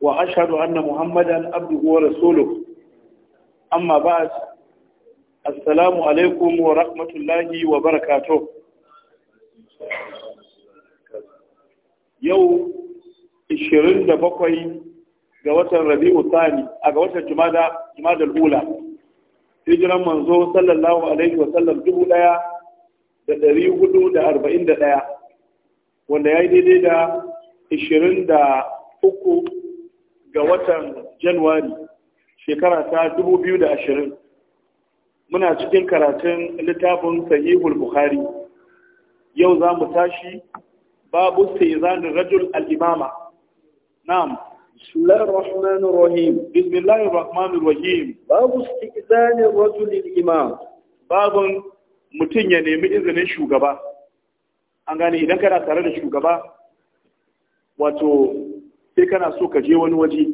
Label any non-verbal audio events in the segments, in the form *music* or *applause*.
Wa وأشهد أن محمدا عبده ورسوله ba assalamu alaikum wa rahmatullahi wa وبركاته yau 27 ga watan Rabi'u Thani a ga watan Jumada Jumada al-Ula hijiran manzo sallallahu alaihi wa sallam dubu daya da dari hudu da arba'in da daya wanda ya yi daidai da ishirin da uku ga watan Januwari shekara ta 2020 muna cikin karatun littafin Sahihul Bukhari yau za mu tashi babu Sayyidun Rajul al-Imama na'am بسم الله rahim. الرحيم rahmanir rahim. Babu الرحيم باب استئذان الرجل الإمام Babu mutum ya nemi izinin shugaba an gane idan kana tare da shugaba wato sai kana so ka je wani waje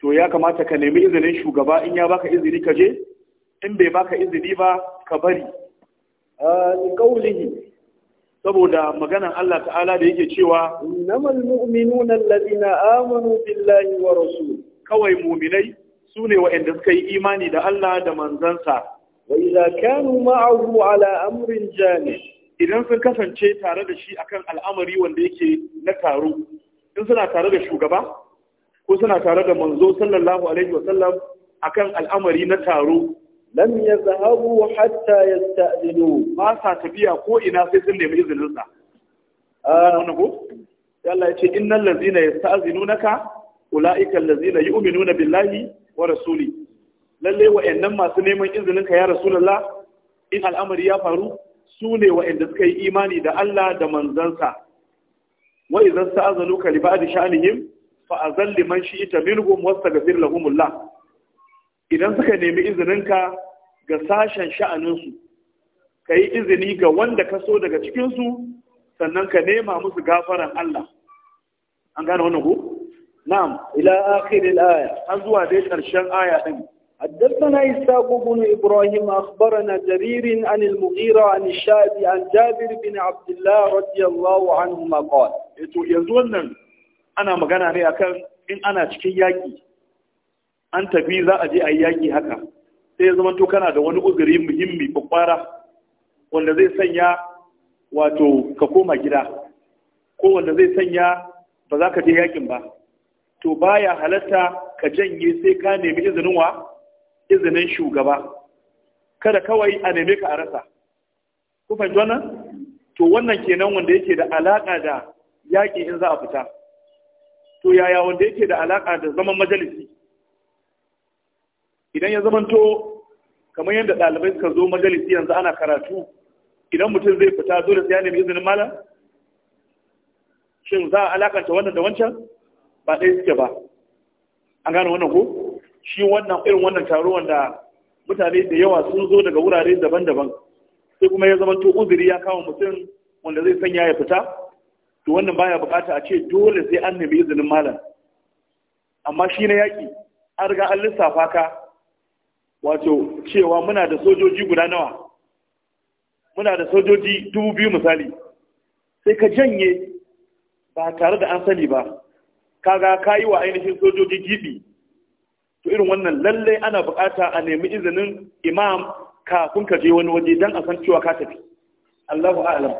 to ya kamata ka nemi izinin shugaba in ya baka izini ka je in bai baka izini ba ka bari ƙaulihi saboda maganar Allah ta'ala da yake cewa innamal mu'minuna allazina amanu billahi wa rasul kawai mu'minai sune wa'anda suka yi imani da Allah da manzansa wa idza kanu ma'ahu ala amrin jami idan sun kasance tare da shi akan al'amari wanda yake na taro in suna tare da shugaba ko suna tare da manzo sallallahu alaihi wasallam akan al'amari na taro lam yazhabu hatta yasta'dinu ba sa tafiya ko ina sai sun nemi izinin sa ah. wannan ko Allah ya ce innal ladzina yasta'dinunaka ulaika alladhina yu'minuna billahi wa rasuli lalle wa'annan masu neman izinin ka ya rasulullah in al'amari ya faru su ne wa'anda suka yi imani da Allah da manzansa wa idza sta'zaluka li ba'd sha'nihim fa azal liman shi'ta minhum wastaghfir lahumullah idan suka nemi izininka ga sashen sha'anin su kai izini ga wanda ka so daga cikin su sannan ka nema musu gafaran Allah an gane wannan ko na'am ila akhir al-aya an zuwa dai karshen aya din حدثنا إسحاق بن Ibrahim أخبرنا جرير عن المغيرة عن الشعبي عن جابر بن عبد الله رضي الله عنهما قال Eh, to yanzu wannan ana magana ne akan in ana cikin yaƙi an tafi za a je a yi yaƙi haka sai ya zama to kana da wani uzuri muhimmi kwakwara wanda zai sanya wato ka koma gida ko wanda zai sanya ba za ka je yaƙin ba to baya halatta ka janye sai ka nemi izinin wa izinin shugaba kada kawai a neme ka a rasa ku fahimci wannan to wannan kenan wanda yake da alaƙa da yaƙi in za a fita to yaya wanda yake da alaƙa da zaman majalisi idan ya zamanto kamar yadda ɗalibai suka zo majalisi yanzu ana karatu idan mutum zai fita dole sai ya nemi izinin malam shin za a alakanta wannan da wancan ba ɗaya suke ba an gane wannan ko shi wannan irin wannan taro wanda mutane da yawa sun zo daga wurare daban-daban sai kuma ya zama to uzuri ya kama mutum wanda zai sanya ya fita to wannan baya bukata a ce dole sai an nemi izinin malam amma shi na yaƙi an riga an lissafa ka wato cewa muna da sojoji guda nawa muna da sojoji dubu biyu misali sai ka janye ba tare da an sani ba kaga ka yi wa ainihin sojoji gibi to irin wannan lallai ana bukata a nemi izinin imam kafin ka je wani waje don a san cewa ka tafi Allahu a'lam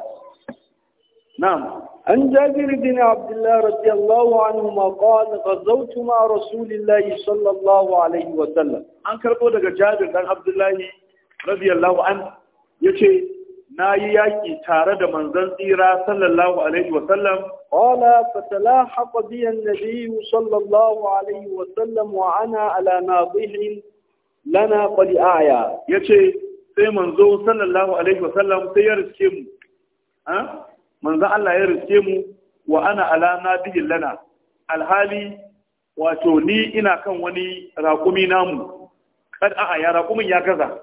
na'am عن جابر بن عبد الله رضي الله عنهما قال غزوت مع رسول الله صلى الله عليه وسلم an karbo daga Jabir dan Abdullahi radiyallahu an yace nayi yaki tare da manzon tsira sallallahu alaihi wa sallam qala fatalahaqa bi an wa ana ala nadhihin lana qad aya yace sai manzo sallallahu alaihi wa sallam sai ya riske mu manzon Allah ya riske mu wa ana ala nadiyin lana alhali wato ni ina kan wani raƙumi namu kad a'a ya raƙumin ya gaza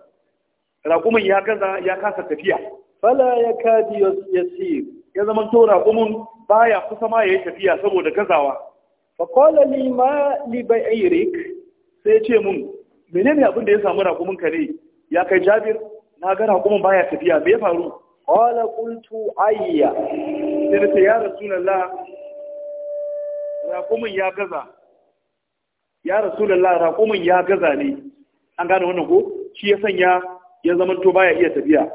raƙumin ya gaza ya kasa tafiya fala ya kadi yasir ya zama to raƙumin baya kusa ma yayi tafiya saboda gazawa fa qala li ma li bai'rik sai ce mun menene abin da ya samu raƙumin ka ne ya kai Jabir na ga raƙumin baya tafiya me ya faru Ƙwala ƙultu ayya. Sai ta yara Ya la raƙumin ya gaza. Ya la raƙumin ya gaza ne. An gane wannan ko? Shi ya sanya ya zama to baya iya tafiya.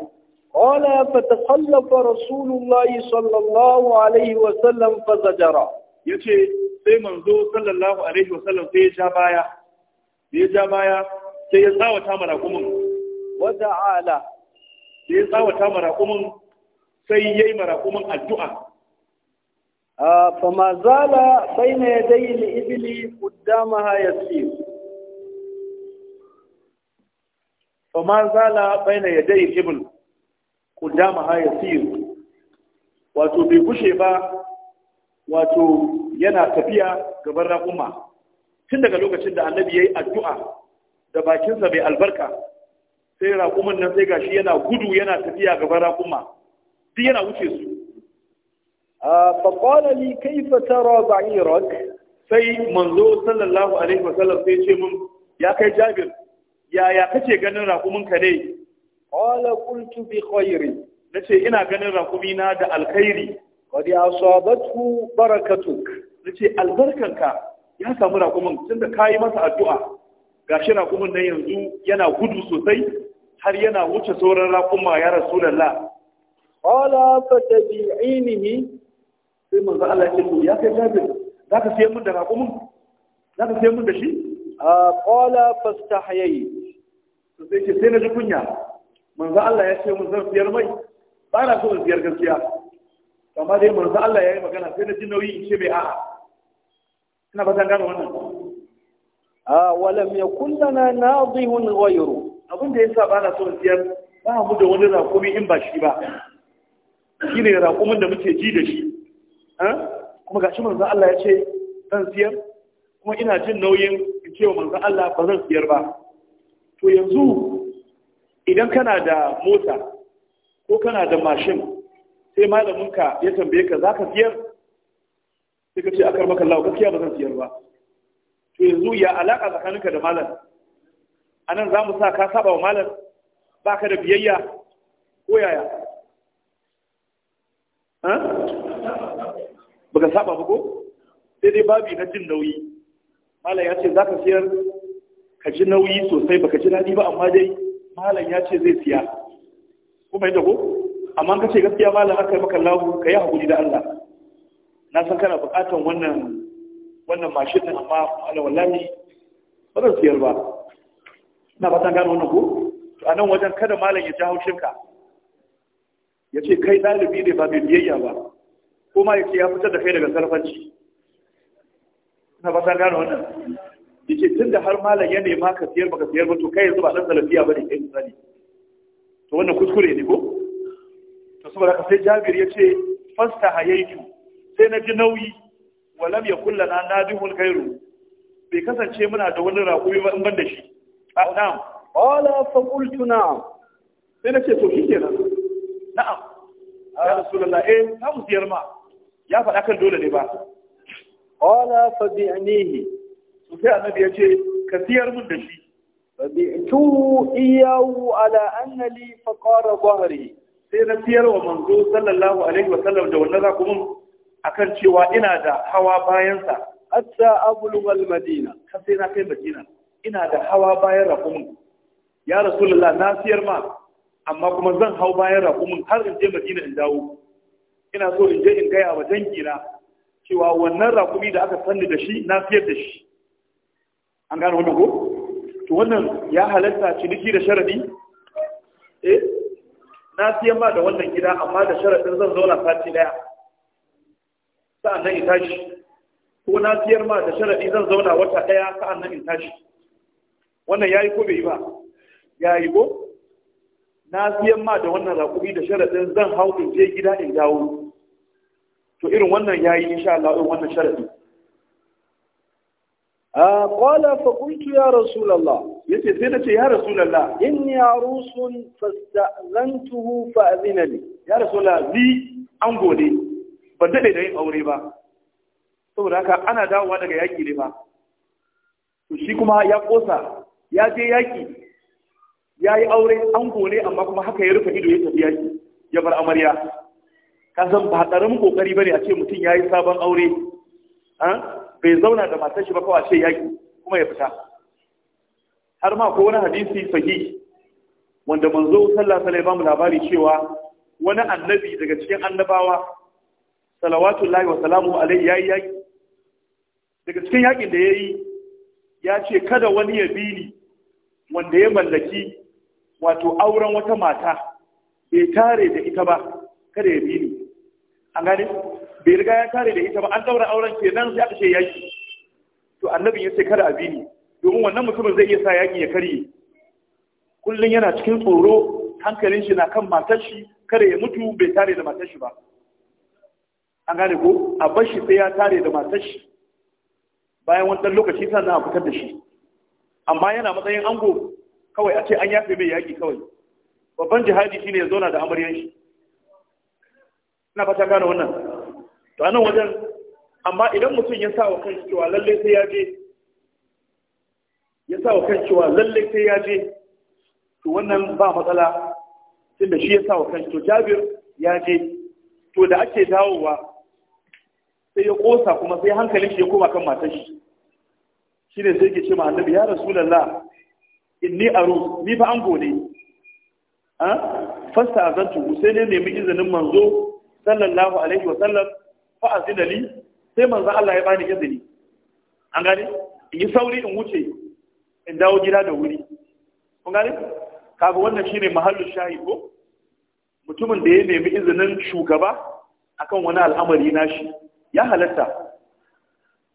Ƙwala fa ta tsallafa Rasulullah sallallahu alaihi wa sallam fa zajara. Ya ce, sai manzo sallallahu alaihi wa sallam sai ya ja baya. sai ya ja baya, sai ya tsawata ma raƙumin. Wata ala, sai ya tsawata maraƙumin sai ya yi maraƙumin addu'a ma zala baina na ya ibli ibili yasir fa ma zala baina na ya dai yasir wato bai gushe ba wato yana tafiya gaban raƙuma tun daga lokacin da annabi ya yi addu'a da bakinsa bai albarka sai raƙumin nan sai gashi yana gudu yana tafiya gaban raƙuma duk yana wuce su faƙwala li kaifa tara ba'irak sai manzo sallallahu alaihi wasallam sai ce mun ya kai jabir yaya kace ganin raƙumin ka ne qala qultu bi khairi nace ina ganin raƙumi na da alkhairi qad asabatu barakatuk nace albarkanka ya samu raƙumin tunda kayi masa addu'a gashi raƙumin nan yanzu yana gudu sosai har yana wuce sauran raƙuma ya ka ta fa ainihi, sai za Allah ya ce ya kai Jabir ka siyan min da raƙumin ka siyan min da shi hayayi, su sai ce sai na ji kunya za Allah ya ce mun zan siyar mai ba na so in siyar gaskiya amma dai za Allah ya yi magana sai na ji nauyi in ce mai a'a ina ba zan gano wannan a walam na na zihun ghayru abin da ya sa ba na son siyar ba mu da wani rakumi in ba shi ba shi ne raƙumin da muke ji da shi kuma ga shi manzo Allah ya ce zan siyar kuma ina jin nauyin in ce wa Allah ba zan siyar ba to yanzu idan kana da mota ko kana da mashin sai malaminka ya tambaye ka zaka siyar sai ka ce akar maka Allah gaskiya ba zan siyar ba to yanzu ya alaƙa tsakaninka da malam Anan za mu sa ka saba wa malam ba ka da biyayya ko yaya ba ka saba ko sai dai babi na jin nauyi malam ya ce za ka siyar ka ji nauyi sosai baka ji daɗi ba amma dai malam ya ce zai siya kuma yadda ko amma ka ce gaskiya malam aka yi maka lahu ka yi haƙuri da Allah na san kana buƙatar wannan wannan mashin din amma malam wallahi ba zan siyar ba na ba ta gano wannan ko to a nan wajen kada malam ya ja haushinka ya ce kai ɗalibi ne ba mai biyayya ba kuma ya ce ya fitar da kai daga sarfanci na ba ta gano wannan ya ce tun da har malam ya nema ka siyar ba ka siyar ba to kai yanzu ba ɗan salafiya ba ne kai misali to wannan kuskure ne ko to saboda ka sai jabir ya ce fasta hayaitu sai na ji nauyi walam ya kullana nadihun kairu bai kasance muna da wani raƙumi ba in ban da shi na'am qala fa qultu na'am sai nace to nan na'am ya rasulullah eh na mu ziyar ma ya faɗa kan dole ne ba qala fa bi'nihi to sai annabi ya ce ka siyar mun da shi fa bi'tu iyahu ala anna li faqara dhahri sai na siyar wa manzo sallallahu alaihi wa sallam da wannan rakumin akan cewa ina da hawa bayansa hatta ablugha al-madina har sai na kai madina ina da hawa bayan raƙumin ya rasulullah na siyar ma amma kuma zan hau bayan raƙumin har in je madina in dawo ina so in je in gaya wa dangina cewa wannan raƙumi da aka sanni da shi na siyar da shi an gano wannan ko to wannan ya halatta ciniki da sharadi eh na siyar ma da wannan gida amma da sharadin zan zauna sati daya nan in tashi ko na siyar ma da sharadi zan zauna wata daya nan in tashi wannan ya yi ko bai yi ba yi ko na siyan ma da wannan rakubi da sharaɗin zan hau in je gida in dawo to irin wannan ya yi insha Allah irin wannan sharaɗi a qala fa qultu ya rasulullah yace sai nace ya rasulullah inni arusun fastazantuhu fa azina ya rasulullah bi an gode ban dade da yin aure ba saboda haka ana dawowa daga yaki ne ba to shi kuma ya kosa ya je yaƙi ya yi aure an gone amma kuma haka ya rufe ido ya tafi yaƙi ya bar amarya ka san ba haɗarin ƙoƙari ba ne a ce mutum ya yi sabon aure bai zauna da matar shi ba kawai a ce yaƙi kuma ya fita har ma ko wani hadisi sahihi wanda manzo sallallahu alaihi wasallam labari cewa wani annabi daga cikin annabawa salawatullahi wa salamu alaihi yayi yaƙi daga cikin yaƙin da ya yi, ya ce kada wani ya bi ni wanda ya mallaki wato auren wata mata bai tare da ita ba kada ya bi ni an gane bai riga ya tare da ita ba an daura auren kenan sai aka ce yaki to annabin ya ce kada a bi ni domin wannan mutumin zai iya sa yaki ya karye kullum yana cikin tsoro hankalin shi na kan matar shi kada ya mutu bai tare da matar shi ba an gane ko a bar shi sai ya tare da matar shi bayan wani lokaci sannan a fitar da shi amma yana matsayin ango kawai a ce an yafe mai yaƙi kawai babban jihadi shine ya zauna da amaryan shi ina fata gane wannan to anan wajen amma idan mutum ya sa wa kan cewa lalle sai ya je ya sa wa kan cewa lalle sai ya je to wannan ba matsala tunda shi ya sa wa kan to Jabir ya je to da ake dawowa sai ya kosa kuma sai hankalin shi ya koma kan matar shi shi ne sai ke ce ma annabi ya rasulallah inni aru ni fa ango A? fasta azantu sai ne nemi izinin manzo sallallahu alaihi wa sallam fa azina sai manzo Allah ya bani izini an gane in yi sauri in wuce in dawo gida da wuri kun gane kaga wannan shine mahallu shayi ko mutumin da ya nemi izinin shugaba akan wani al'amari nashi ya halatta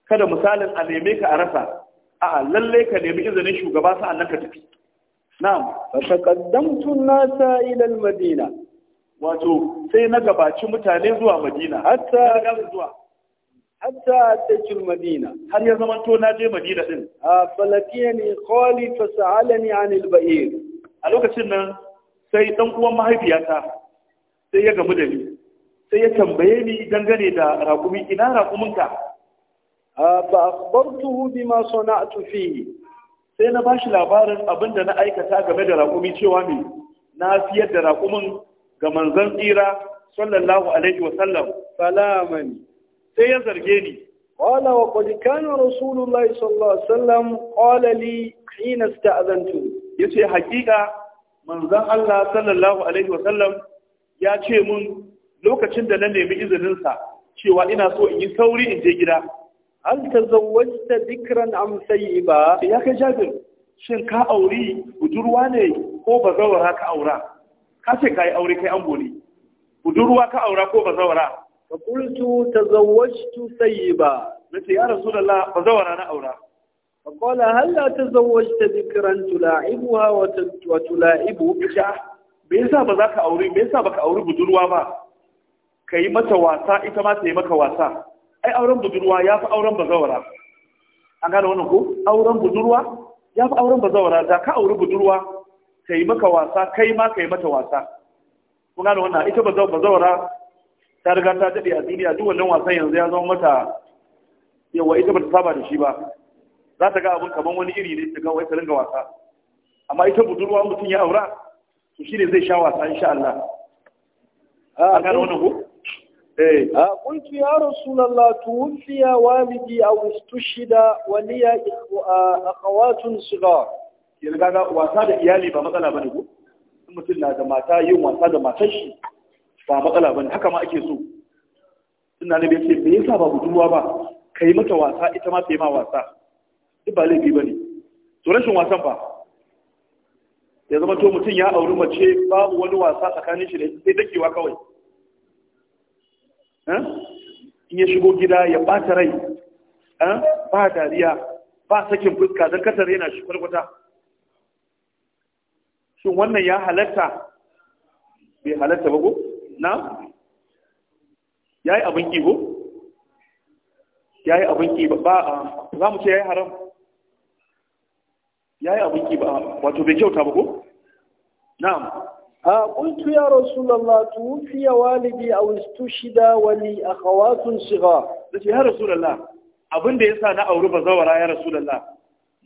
kada misalin a neme ka a rasa a lalle ka nemi izinin shugaba sa nan ka tafi na'am fa taqaddamtu nasa ila al-madina wato sai na gabaci mutane zuwa madina hatta ga zuwa hatta tajil madina har ya zama to na je madina din a falatiyani qali fa sa'alani an al-ba'ir a lokacin nan sai dan uwan mahaifiyata sai ya gamu da ni sai ya tambaye ni dangane da raƙumi ina raƙuminka Ah, fa akhbartuhu bima sana'tu fihi sai na bashi labarin abinda na aikata game da raƙumi cewa me na siyar da raƙumin ga manzon tsira sallallahu alaihi wa sallam salamani sai ya zarge ni قال وقد كان رسول الله صلى الله عليه وسلم قال لي حين استأذنت يتي حقيقة Allah Sallallahu alaihi صلى الله ya ce mun lokacin da na nemi izininsa cewa ina so in yi sauri in je gida hal tazawwajta dhikran am sayyiba ya kai jabir shin ka auri budurwa ne ko bazawara ka aura ka ce kai aure kai an budurwa ka aura ko bazawara fa qultu tazawwajtu sayyiba nace ya rasulullah bazawara na aura fa qala hal la tazawwajta dhikran tula'ibuha wa tula'ibu bija me yasa ba za ka aure me yasa baka auri budurwa ba kai mata wasa ita ma ta yi maka wasa ai auren budurwa ya fi auren bazawara an gane wannan ko auren budurwa ya fi auren bazawara da ka auri budurwa ka yi maka wasa kai ma ka yi mata wasa kun gane wannan ita bazawara ta riga ta daɗe a duniya duk wannan wasan yanzu ya zama mata yawa ita bata saba da shi ba za ta ga abin kamar wani iri ne ta ga wai ta ringa wasa amma ita budurwa mutum ya aura to shine zai sha wasa insha Allah a gane wannan ko قلت eh. يا a الله shida, wani أو استشهد a أخوات shiga yadda gaga wasa da iyali ba matsala ba ne in mutum na da mata yin wasa da matan shi ba matsala ba ne, haka ma ake so ina ne bai ce me yasa ba budurwa ba Ka yi mata wasa ita ma ta yi ma wasa duk ba laifi ne. to rashin wasan ba ya zama to mutum ya auri mace babu wani wasa tsakanin shi da sai dakewa kawai Eh? in ya shigo gida ya ɓata rai eh? ba dariya ba sakin fuska don katar yana shi kwalkwata shin wannan ya halatta bai halatta ba ko na ya yi abin ƙigo ya yi abin ki ba a za mu ce ya yi haram ya yi abin ba. wato bai kyauta ba ko Na? a qultu ya rasulullah a walidi shida wani a li shiga. Da nace ya rasulullah abin da yasa na auri bazawara ya rasulullah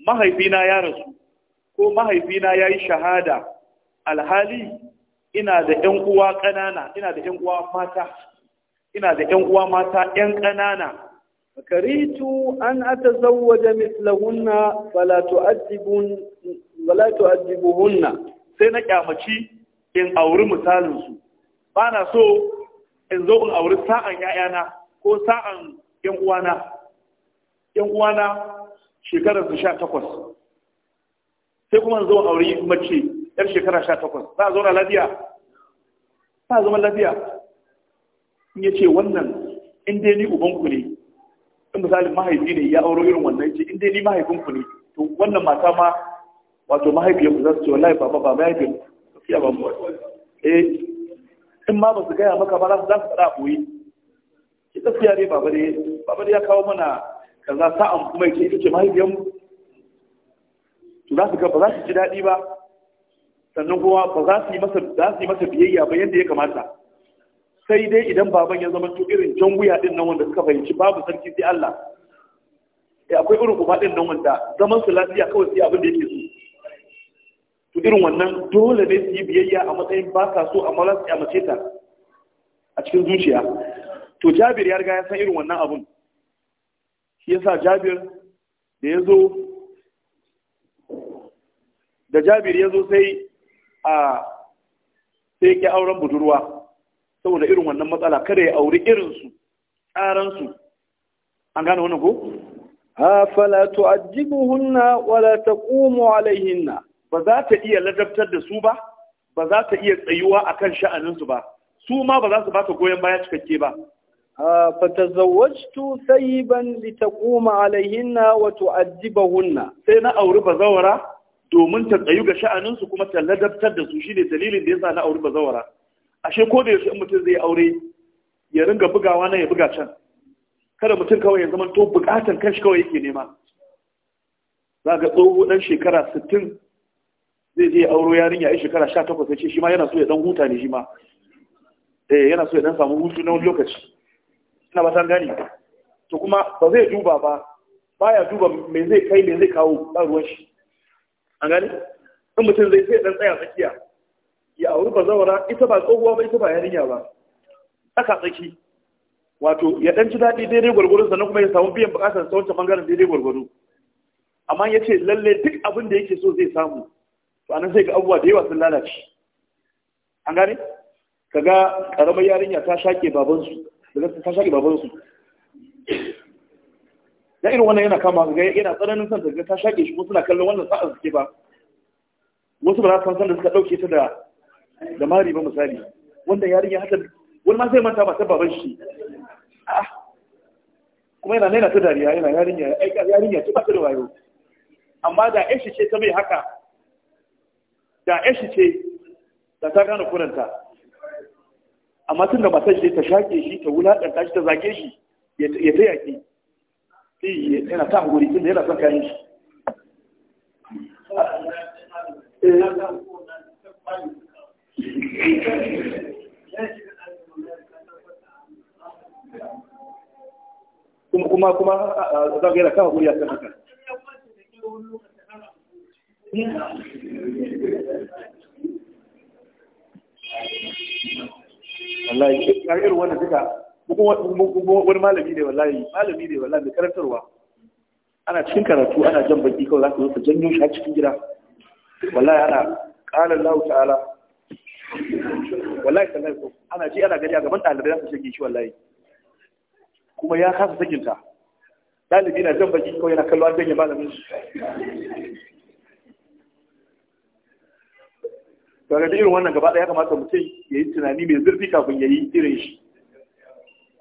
mahaifina ya rasu ko mahaifina ya yi shahada alhali ina da ƴan uwa ƙanana ina da ƴan uwa mata ina da ƴan uwa mata ƴan ƙanana karitu an atazawwaja mithlahunna fala tu'addibun wala tu'addibuhunna sai na kyamaci in auri misalinsu ba na so in zo in auri sa'an ‘ya'yana ko sa'an ‘yan uwana ‘yan uwana shekararsu sha takwas sai kuma zo auri mace ‘yar shekara sha takwas za a zauna lafiya za a zama lafiya in ya ce wannan in dai ni ubanku ne in misalin mahaifi ne ya auro irin wannan ce in dai ni mahaifinku ne to wannan mata ma wato mahaifiyar ku za su ce wallahi baba ba mahaifiyarku iya ba mu eh in ma ba su gaya maka ba za su faɗa boye ki gaskiya ne baba ne baba ne ya kawo mana kaza sa'an kuma ke ita ce mahaifiyar mu to za su ga ba za su ji daɗi ba sannan kuma ba za su yi masa za su yi masa biyayya ba yadda ya kamata sai dai idan baban ya zama to irin jan wuya din nan wanda suka fahimci babu sarki sai Allah eh akwai irin uba din nan wanda zaman su lafiya kawai sai abin da yake so to irin wannan dole ne su yi biyayya a matsayin ba ka so amma za ta a cikin zuciya to jabir ya riga ya san irin wannan abun shi yasa jabir da ya zo da jabir ya zo sai a sai ke auren budurwa saboda irin wannan matsala kada ya auri irinsu tsaransu an gane wannan ko ha fala tu'ajjibuhunna wala taqumu alaihinna ba za ta iya ladabtar da su ba ba za ta iya tsayuwa a kan sha'aninsu ba su ma ba za su baka goyon baya cikakke ba fatazawwajtu sayyiban litaquma alayhinna wa tu'addibahunna sai na auri bazawara domin ta tsayu ga sha'aninsu kuma ta ladabtar da su shine dalilin da ya sa na auri bazawara ashe ko da yaushe mutum zai aure ya ringa bugawa na ya buga can kada mutum kawai ya zama to bukatan kanshi kawai yake nema za ga tsoho dan shekara sittin zai je auro yarinya ya shekara sha takwas ya ce shi ma yana so ya dan huta ne shi ma eh yana so ya dan samu hutu na wani lokaci ina ba san gani to kuma ba zai duba ba baya duba me zai kai me zai kawo ba ruwan shi an gani in mutum zai sai dan tsaya tsakiya ya auri ba zawara ita ba tsohuwa ba ita ba yarinya ba tsaka tsaki wato ya dan ci daɗi daidai gwargwado sannan kuma ya samu biyan bukatar sa wancan bangaren daidai gwargwado amma ya ce lalle duk abin da yake so zai samu to anan sai ga abubuwa da yawa sun lalace an gane Ka ga karamar yarinya ta shaƙe babansu daga ta shaƙe babansu da irin wannan yana kama ga yana tsananin son daga ta shaƙe shi ko suna kallon wannan sa'a suke ba wasu ba za su san da suka ɗauke ta da da mari ba misali wanda yarinya haka wani ma sai manta ba ta baban shi kuma yana naina ta dariya yana yarinya ya yarinya ta ba ta da wayo amma da ƴan shi ce ta bai haka da ashi ce da ta gane kuranta amma tun da matar shi ta shaƙe shi ta wulaƙanta shi ta zage shi ya ta yaƙi yana ta hankuri tun da yana son kayan shi kuma kuma kuma za ga yana ta a kan haka wallahi kar irin wannan duka wani malami ne wallahi malami ne wallahi mai karantarwa ana cikin karatu ana jan baki kawai za ka zo ka janyo shi a cikin gida wallahi ana ƙalar lahu ta'ala wallahi tallahi ko ana ce, ana gani a gaban ɗalibai za su shige shi wallahi kuma ya kasa sakinta ɗalibi na jan baki kawai yana kallon an janye malamin shi kaga da irin wannan gaba ɗaya kamata mutum ya yi tunani mai zurfi kafin ya yi irin shi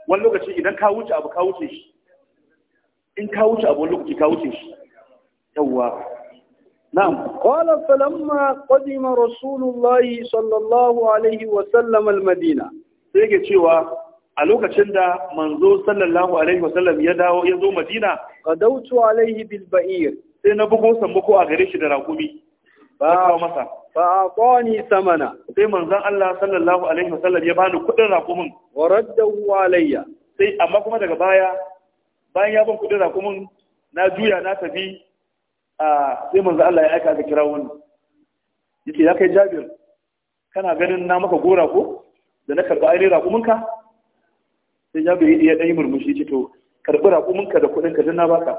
wani lokaci idan ka wuce abu ka wuce shi in ka wuce abu wani lokaci ka wuce shi yawwa na'am qala falamma qadima rasulullahi sallallahu alaihi wa sallam al-madina sai yake cewa a lokacin da manzo sallallahu alaihi wa sallam ya dawo ya zo madina qadawtu alaihi bil ba'ir sai na bugo sammako a gare shi da raƙumi ba masa fa atani samana sai manzon Allah sallallahu alaihi wasallam ya bani kudin rakumin wa raddahu alayya sai amma kuma daga baya bayan ya ban kudin rakumin na juya na tafi a sai manzon Allah ya aika ga kira yace ya kai Jabir kana ganin na maka gora ko da na karba ainihin rakumin ka sai Jabir ya dan yi murmushi ce to karbi rakumin ka da kudin ka dan na baka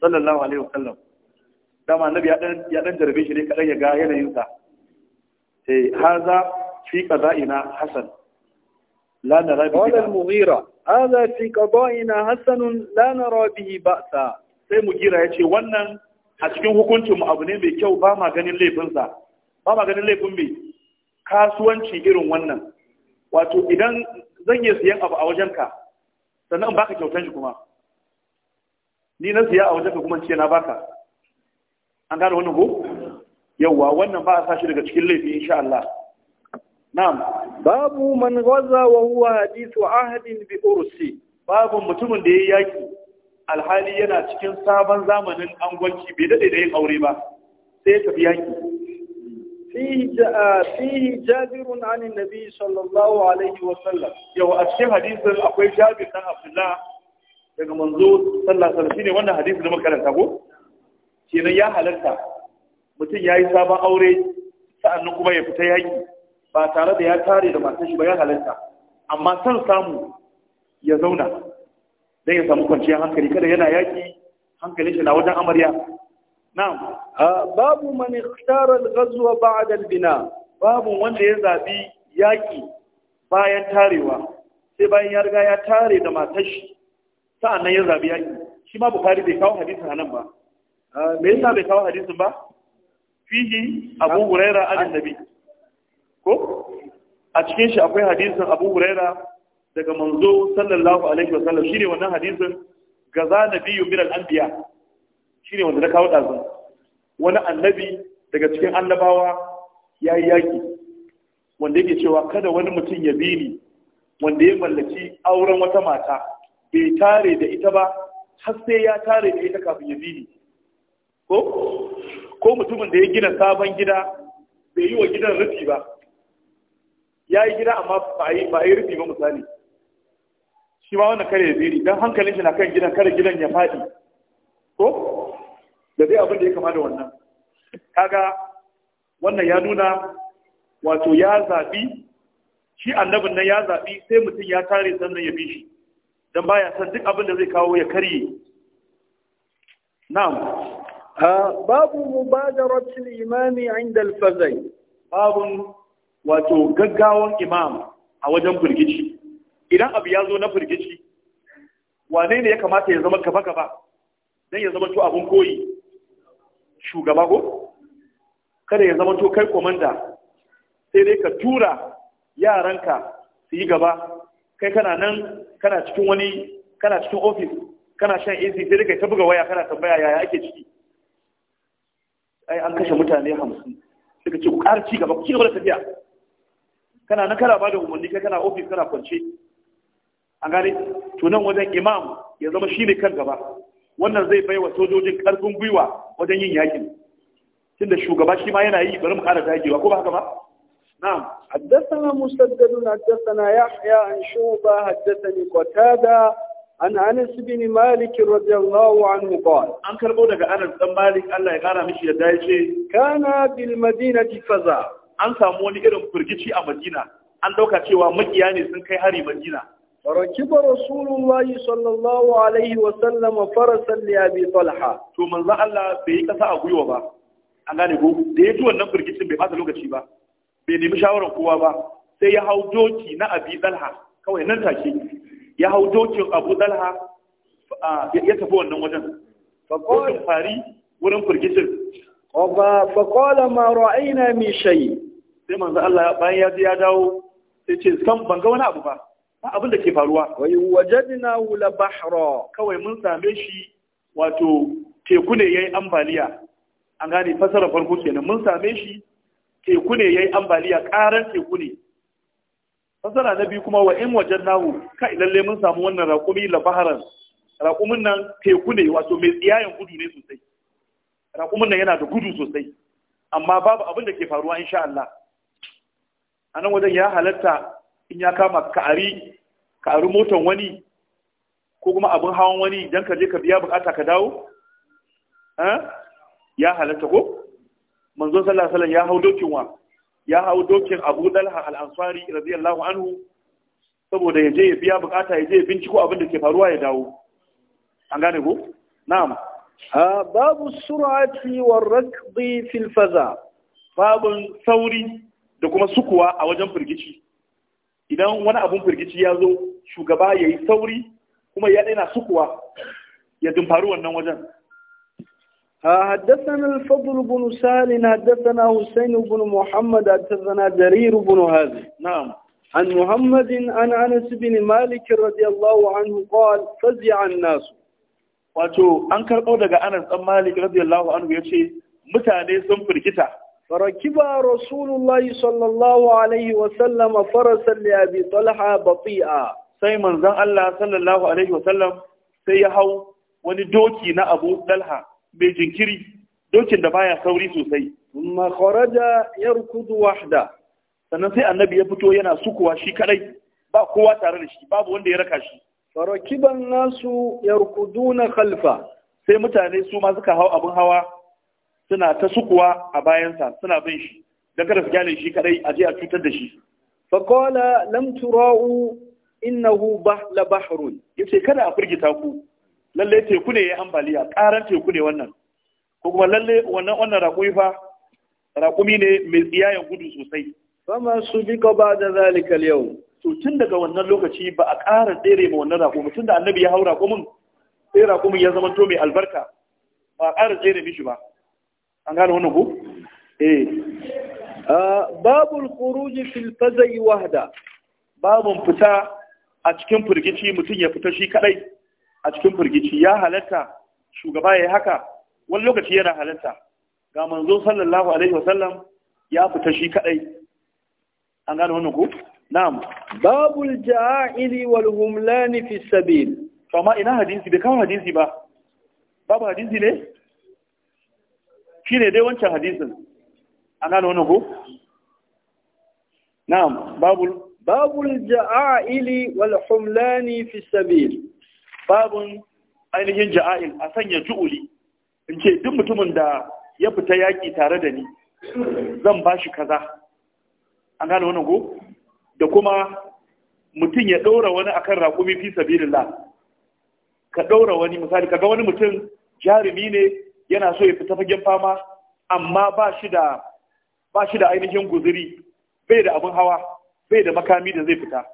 sallallahu alaihi wasallam dama annabi ya dan jarabe shi ne kadan ya ga yanayinsa sai eh, haza fi qada'ina hasan la nara bihi qala mughira haza fi qada'ina hasan la nara bihi ba'sa sai mughira yace wannan a cikin hukuncin mu abu ne mai kyau ba ma ganin laifinsa ba ma ganin laifin mai kasuwanci irin wannan wato idan zan yi siyan abu a wajenka sannan baka kyautan shi kuma ni na siya a wajenka kuma ce na baka an gane wannan ko yauwa wannan ba a sashi daga cikin laifi insha Allah na'am babu man gaza wa huwa hadithu ahdin bi ursi babu mutumin da yayi yaki alhali yana cikin sabon zamanin angwanci bai dade da yin aure ba sai ya tafi yaki fihi fihi jabirun an annabi sallallahu alaihi wa sallam yau a cikin hadisin akwai jabir dan abdullah daga manzo sallallahu alaihi wa sallam shine wannan hadisi da muka karanta ko kenan ya halarta mutum ya yi sabon aure nan kuma ya fita yaƙi ba tare da ya tare da matashi ba ya halarta amma son samu ya zauna don ya samu kwanciyar hankali kada yana yaƙi hankalin shi na wajen amarya na'am babu man ikhtara al-ghazwa ba'da al babu wanda ya zabi yaƙi bayan tarewa sai bayan ya riga ya tare da matashi sa'annan ya zabi yaƙi shi ma bukari bai kawo hadisa nan ba me yasa bai kawo hadisin ba fihi abu huraira alin nabi ko a cikin shi akwai hadisin abu huraira daga manzo sallallahu alaihi wa sallam shine wannan hadisin gaza nabiyyu min al-anbiya shine wanda na kawo dazu wani annabi daga cikin annabawa yayi yaki wanda yake cewa kada wani mutum ya bi ni wanda ya mallaki auren wata mata bai tare da ita ba har sai ya tare da ita kafin ya bi ni ko ko mutumin da ya gina sabon gida bai yi wa gidan rufi ba ya yi gida amma ba yi rufi ba misali shi ma wannan kare ziri don hankalin shi na kan gidan kare gidan ya faɗi ko da zai abin da ya kama da wannan kaga wannan ya nuna wato ya zaɓi shi annabin nan ya zaɓi sai mutum ya tare sannan ya bi shi don baya san duk abin da zai kawo ya karye na'am babu mubadaratul imami inda alfazai babun wato gaggawan imam a wajen firgici idan abu ya zo na firgici wane ne ya kamata ya zama gaba gaba don ya zama to abun koyi shugaba ko kada ya zama to kai komanda sai dai ka tura yaranka su yi gaba kai kana nan kana cikin wani kana cikin ofis kana shan AC sai dai ka ta buga waya kana tambaya yaya ake ciki ai an kashe mutane hamsin suka ce ku ƙara ci gaba ku ci gaba da tafiya kana na kana bada umarni kai kana ofis kana kwance an gane to wajen imam ya zama shi ne kan gaba wannan zai bai wa sojojin ƙarfin gwiwa wajen yin yakin tunda shugaba shi ma yana yi bari mu ƙara dagewa ko ba haka ba نعم حدثنا مسدد حدثنا يحيى عن شوبة حدثني قتادة عن أنس بن مالك رضي الله عنه قال أن كربو دقى أنس بن مالك الله يقارى مشي يدايشي كان بالمدينة فزا أن ساموني إرم فرقشي أمدينة أن دوكا تيوا مكياني سنكي هاري مدينة فركب رسول الله صلى الله عليه وسلم فرسا لأبي طلحة تو من ذا الله بيكسا أبويو با أنا نقول ديتو أن فرقشي بماذا لوكا شيبا بيني مشاورا قوة با سيهاو دوكي نا أبي طلحة كوي nan take ya hau dokin abu dalha ya tafi wannan wajen dokin fari wurin firgishin da ma na mai shayi sai manzan Allah bayan ya ji ya dawo sai ce san ban wani abu ba ba abin da ke faruwa wai na wula bahro? kawai mun same shi wato teku ne ya yi ambaliya an gane fasara farko kenan mun same shi teku ne ya yi ambaliya karan teku ne fasara na biyu kuma wa in wajen nahu ka lalle mun samu wannan raƙumi la baharan raƙumin nan teku ne wato mai tsiyayen gudu ne sosai raƙumin nan yana da gudu sosai amma babu abin da ke faruwa insha Allah a nan wajen ya halatta in ya kama ka'ari ka'ari motan wani ko kuma abin hawan wani don ka je ka biya bukata ka dawo eh? ya halatta ko manzon sallallahu alaihi wasallam ya hau dokin wa ya hau dokin abu dalha al'ansari radiyallahu anhu saboda ya je ya biya bukata ya je ya binciko abin da ke faruwa ya dawo an gane ko na'am babu surati wa rakbi fil faza babun sauri da kuma sukuwa a wajen firgici idan wani abun firgici ya zo shugaba ya yi sauri kuma ya daina sukuwa ya dumfaru wannan wajen حدثنا الفضل بن سهل حدثنا حسين بن محمد حدثنا جرير بن هازم نعم عن محمد عن انس بن مالك رضي الله عنه قال فزع الناس wato an karɓo daga anas dan malik radiyallahu anhu ya ce mutane sun firgita farakiba rasulullah sallallahu alaihi wa sallam farasan li abi talha bati'a sai manzon Allah sallallahu alaihi wa sallam sai ya hau wani doki na abu talha mai jinkiri dokin da baya sauri sosai Makaraja kharaja yarkudu wahda sannan sai annabi ya fito yana sukuwa shi kadai ba kowa tare da shi babu wanda ya raka shi farakiban nasu yarkuduna kalfa. sai mutane su ma suka hau abin hawa suna ta sukuwa a bayansa suna bin shi da kada su gyale shi kadai a je a cutar da shi fakola lam tura'u innahu bahla bahrun yace kada a firgita ku lalle teku ne ya ambaliya karan teku ne wannan ko kuma lalle wannan wannan raƙumi fa raƙumi ne mai tsiyayen gudu sosai fama su bi ka ba da zalika yau to tun daga wannan lokaci ba a ƙara tsere ma wannan raƙumi tun da annabi ya hau raƙumin sai raƙumin ya zama to mai albarka ba a ƙara tsere mishi ba an gane wannan ko eh babul khuruj fil fazai wahda babun fita a cikin firgici mutum ya fita shi kadai a cikin firgici ya halatta shugaba ya yi haka wani lokaci yana halatta ga manzo sallallahu alaihi wasallam ya fita shi kadai an gane wannan ku? na'am babul ja'ili wal humlan fi sabil to amma ina hadisi bai kawai hadisi ba babu hadisi ne shine dai wancan hadisin an gane wannan ku? na'am babul babul ja'ili wal humlan fi sabil babun ainihin ja'a'il a sanya ju'uli in ce duk mutumin da ya fita yaƙi tare da ni zan ba shi kaza an gane wani go da kuma mutum ya ɗaura wani akan raƙumi fi sabilillah ka ɗaura wani misali kaga wani mutum jarumi ne yana so ya fita fagen fama amma ba shi da ba shi da ainihin guzuri bai da abin hawa bai da makami da zai fita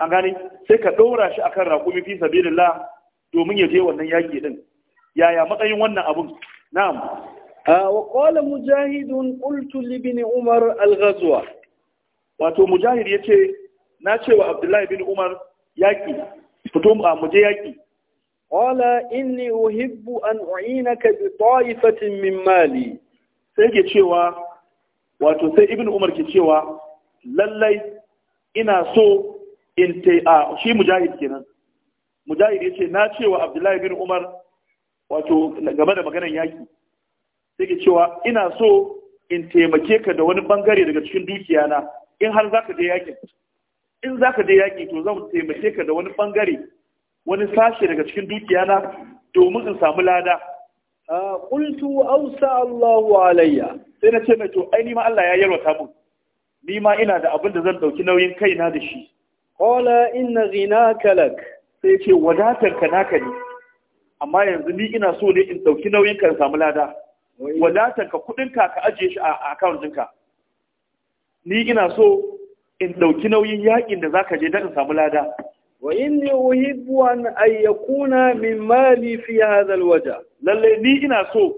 an gane sai ka ɗora shi akan raƙumi fi sabilillah domin ya je wannan yaƙi din yaya matsayin wannan abun na'am wa qala mujahidun qultu li ibn umar al-ghazwa wato mujahid yace na cewa abdullahi bin umar yaƙi fito mu je yaƙi qala inni uhibbu an u'inaka bi ta'ifatin min mali sai ke cewa wato sai ibn umar ke cewa lallai ina so in ta a shi mujahid kenan mujahid ya ce na cewa abdullahi bin umar wato game da maganar yaki sai ke cewa ina so in taimake ka da wani bangare daga cikin dukiya na in har zaka je yakin in zaka je yaki to zan taimake ka da wani bangare wani sashe daga cikin dukiya na domin in samu lada qultu awsa Allahu alayya sai na ce mai to ai ma Allah ya yalwata mun ni ma ina da abin da zan dauki nauyin kaina da shi Kola ina zina kalak. sai ce wadatar ka naka ne amma yanzu ni ina so ne in ɗauki nauyin ka samu lada wadatar ka kudin ka ka ajiye shi a account ni ina so in ɗauki nauyin yaƙin da za ka je dan in samu lada wa inni uhibbu na ayyakuna min mali fi hadha waja. lalle ni ina so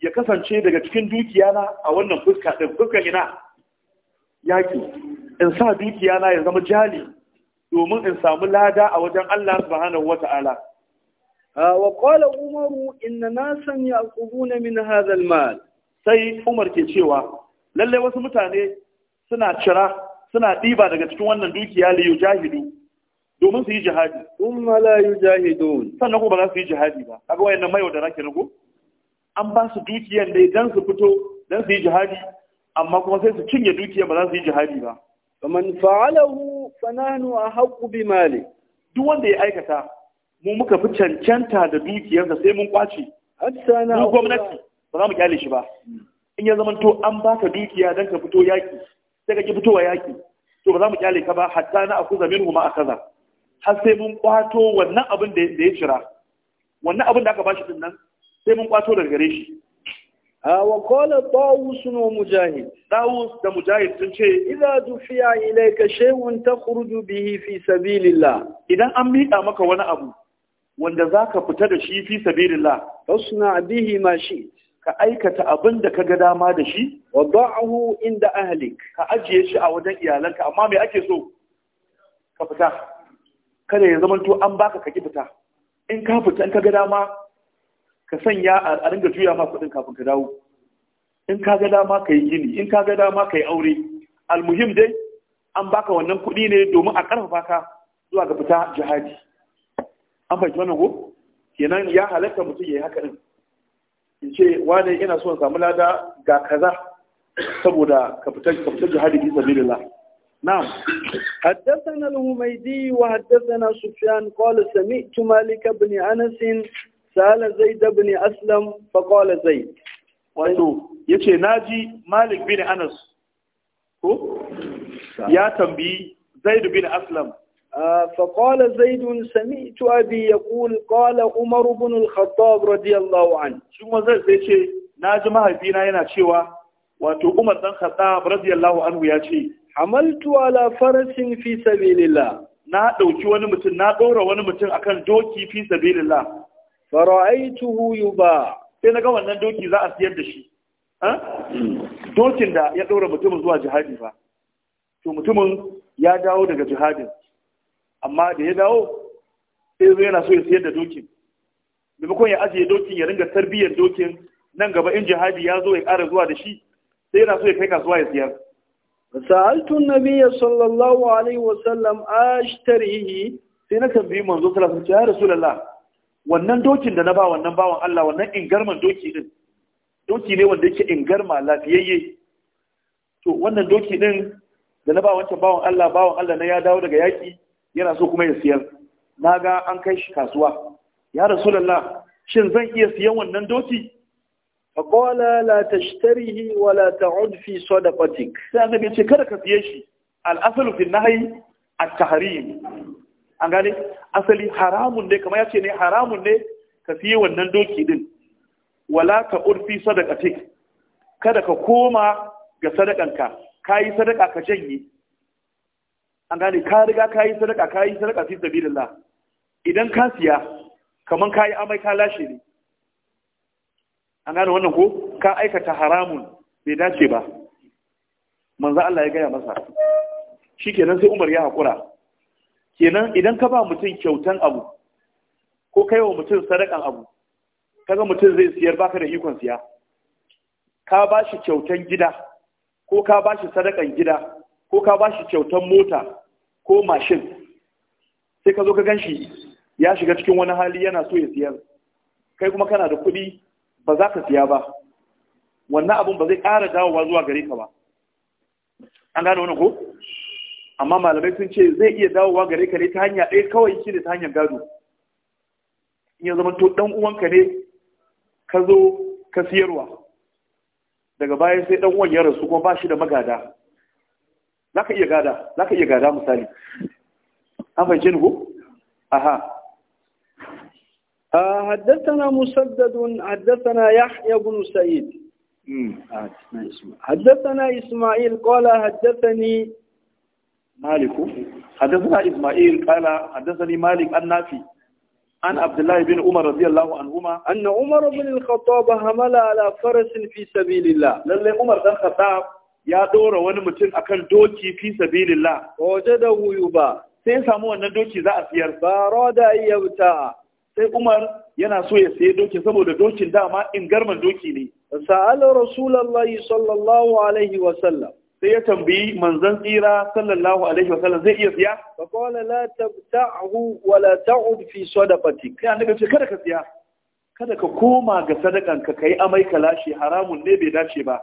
ya kasance daga cikin dukiya na a wannan fuska din fuska ina yaƙi. in sa dukiya na ya zama jali domin in samu lada a wajen Allah subhanahu wata'ala wa qala umaru inna nasan yaqubuna min hadha almal sai umar ke cewa lallai wasu mutane suna cira suna ɗiba daga cikin wannan dukiya li yujahidu domin su yi jihadi umma la yujahidun sannan ko ba za su yi jihadi ba kaga wayannan mai wadara kenan ko an ba su dukiyan dai don su fito dan su yi jihadi amma kuma sai su cinye dukiyan ba za su yi jihadi ba faman fa'alahu fa ahqqu bi duk wanda ya aikata mu muka fi cancanta da dukiyarsa sai mun kwaci hatta gwamnati ba za mu kyale shi ba in ya zamanto an baka dukiya dan ka fito yaki sai ka ki fitowa yaki to ba za mu kyale ka ba hatta na zamin minhu ma akaza har sai mun kwato wannan abin da ya cira wannan abin da aka bashi din nan sai mun kwato daga gare shi Ah, wa qala tawus wa mujahid tawus da mujahid sun ce Iza dufiya ilayka shay'un takhruju bihi fi sabilillah idan an miƙa maka wani abu wanda zaka fita da shi fi sabilillah fasna bihi ma shi ka aikata abin da ka ga dama da shi wa da'ahu inda ahlik ka ajiye shi a wajen iyalanka amma me ake so ka fita kada ya zama to an baka ka ki fita in ka fita in ka ga dama ka sanya a ringa juya ma kuɗin kafin ka dawo in ka ga dama ka yi gini in ka ga dama ka yi aure almuhim dai an baka wannan kuɗi ne domin a ƙarfafa ka zuwa ga fita jihadi an fahimci wannan ko kenan ya halatta mutum ya yi haka din in ce wane ina so in samu lada ga kaza saboda ka fita ka fita jihadi bi sabilillah نعم حدثنا الهميدي وحدثنا سفيان قال سمعت مالك بن انس sa'ala zai dabni aslam faƙola zai wato ya ce ji malik bin anas ko ya tambayi zaidu bin aslam zai dun sami tuwa biya ƙul ƙola umaru bin al-khattab radiyallahu an shi ma zai zai ce naji mahaifina yana cewa wato umar dan khattab radiyallahu an ya ce hamaltu ala farasin fi sabilillah na ɗauki wani mutum na ɗora wani mutum akan doki fi sabilillah fara'aituhu yuba sai na ga wannan doki za a siyar da shi dokin da ya ɗora mutumin zuwa jihadi ba to mutumin ya dawo daga jihadin amma da ya dawo sai zai yana so ya siyar da dokin maimakon ya ajiye dokin ya ringa tarbiyyar dokin nan gaba in jihadi ya zo ya ƙara zuwa da shi sai yana so ya kai kasuwa ya siyar sa'altu nabiyya sallallahu alaihi wasallam ashtarihi sai na tambayi manzo sallallahu alaihi wasallam ya rasulullah wannan dokin da na ba wannan bawan Allah wannan ingarman doki din doki ne wanda yake ingarma lafiyayye to wannan doki din da na ba wancan bawan Allah bawan Allah na ya dawo daga yaki yana so kuma ya siyar na ga an kai shi kasuwa ya rasulullah shin zan iya siyan wannan doki faqala la tashtarihi wa la ta'ud fi sadaqatik sai annabi ce kada ka siye shi al-asalu fi nahyi at-tahrim an gane asali haramun ne kamar ya ce ne haramun ne ka fiye wannan doki din wala ka urfi sadaqatik kada ka koma ga sadakanka yi sadaka ka janye an gane ka riga ka yi sadaka ka yi sadaka fi sabilillah idan ka siya kaman yi amai ka lashe ne an gane wannan ko ka aikata haramun bai dace ba manzo Allah ya gaya masa shikenan sai Umar ya hakura kenan idan ka ba mutum kyautan abu ko kai wa mutum sadakan abu kaga mutum zai siyar baka da ikon siya ka ba shi kyautan gida ko ka ba shi sadakan gida ko ka ba shi kyautan mota ko mashin sai ka zo ka ganshi ya shiga cikin wani hali yana so ya siyar kai kuma kana da kuɗi ba za ka siya ba wannan abun ba zai ƙara dawowa zuwa gare ka ba an gane wani ko amma malamai sun ce zai iya dawowa gare ka ne ta hanya ɗaya kawai shi ne ta hanyar gado in ya zama to ɗan uwanka ne ka zo ka siyarwa daga baya sai ɗan uwan ya rasu kuma ba shi da magada za ka iya gada za ka iya gada misali an fahimci ni ko aha حدثنا مسدد حدثنا يحيى بن سعيد حدثنا إسماعيل قال حدثني مالك حدثنا إسماعيل قال حدثني مالك النافي عن عبد الله بن عمر رضي الله عنهما أن عمر بن الخطاب همل على فرس في سبيل الله للي عمر بن الخطاب يا دور wani mutum akan doki fi sabilillah wajada huyuba sai samu wannan doki za a siyar rada yauta sai Umar yana so ya sayi doki saboda dokin dama in garman doki ne sa'ala rasulullahi sallallahu alaihi wa sallam sai ya tambayi manzon tsira sallallahu alaihi wasallam zai iya siya fa qala la tabta'hu wa la ta'ud fi sadaqati kai annabi ce kada ka siya kada ka koma ga sadakan ka kai amai ka lashe haramun ne bai dace ba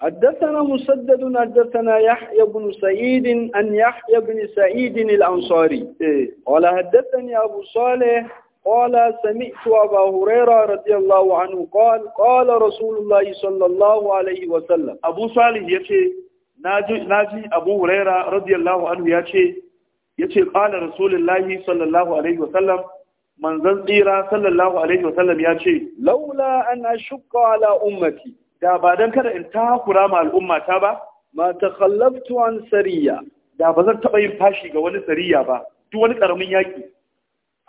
حدثنا مسدد حدثنا يحيى بن سعيد أن يحيى بن سعيد الأنصاري قال حدثني أبو صالح قال سمعت أبا هريرة رضي الله عنه قال قال رسول الله صلى الله عليه وسلم أبو صالح يشي ناجي, ناجي أبو هريرة رضي الله عنه يشي يشي قال رسول الله صلى الله عليه وسلم من زنزيرا صلى الله عليه وسلم يشي لولا أن أشق على أمتي دا بعدن كده انتهى مع الأمة تابا ما تخلفت عن سرية دا بزن تبا ينفاشي قواني سرية با تو ونك أرمي ياكي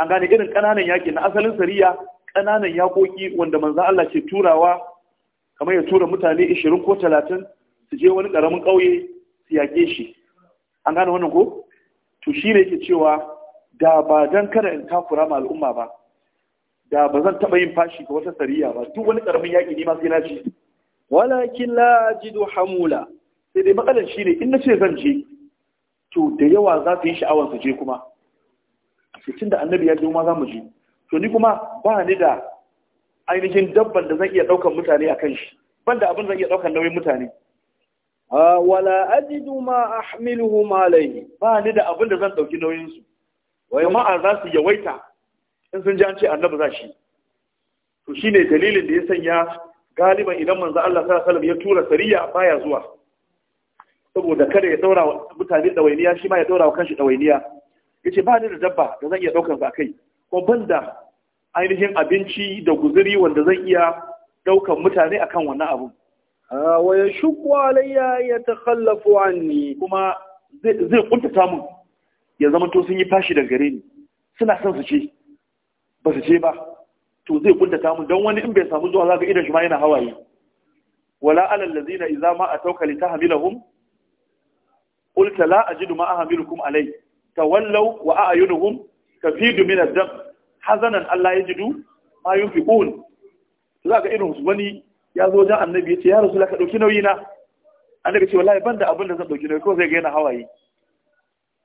an gane irin ƙananan yaƙi na asalin sariya ƙananan yaƙoƙi wanda manzan Allah ke turawa kamar ya tura mutane 20 ko 30 su je wani ƙaramin ƙauye su yaƙe shi an gane wannan ko to shi ne ke cewa da ba dan kada in takura ma al'umma ba da ba zan taɓa yin fashi ga wata sariya ba duk wani ƙaramin yaƙi ne ma sai na ci walakin la jidu hamula sai dai matsalar shi ne in na ce zan je to da yawa za su yi sha'awar su je kuma sai da annabi ya je ma za mu je to ni kuma ba ni da ainihin dabban da zan iya ɗaukan mutane a kan shi ban da abin zan iya ɗaukan nauyin mutane wala ajidu ma ahmiluhu ma alayhi ba ni da abin da zan ɗauki nauyin su jama'a za su yawaita in sun ji an ce annabi za shi to shine dalilin da ya sanya galiban idan manzo Allah sallallahu alaihi wasallam ya tura sariya baya zuwa saboda kada ya daura wa mutane dawainiya shi ma ya daura wa kanshi dawainiya yace ba ni da dabba da zan iya daukar sa kai ko ban da ainihin abinci da guzuri wanda zan iya daukar mutane akan wannan abun wa yashqu alayya yatakhallafu anni kuma zai kuntata mun ya zama to sun yi fashi daga gare ni suna son su ce ba su ce ba to zai kuntata mun don wani in bai samu zuwa zaka idan shi ma yana hawaye wala alal ladina idza ma atawka litahmilahum qulta la ajidu ma ahmilukum alayhi tawallaw wa a'yunuhum kafidu min ad-dam hazanan Allah yajidu ma yunfiqun zaka irin wani ya zo wajen annabi ya ce ya rasul ka dauki nauyi na annabi ce wallahi banda abin da zan dauki nauyi ko zai ga yana hawaye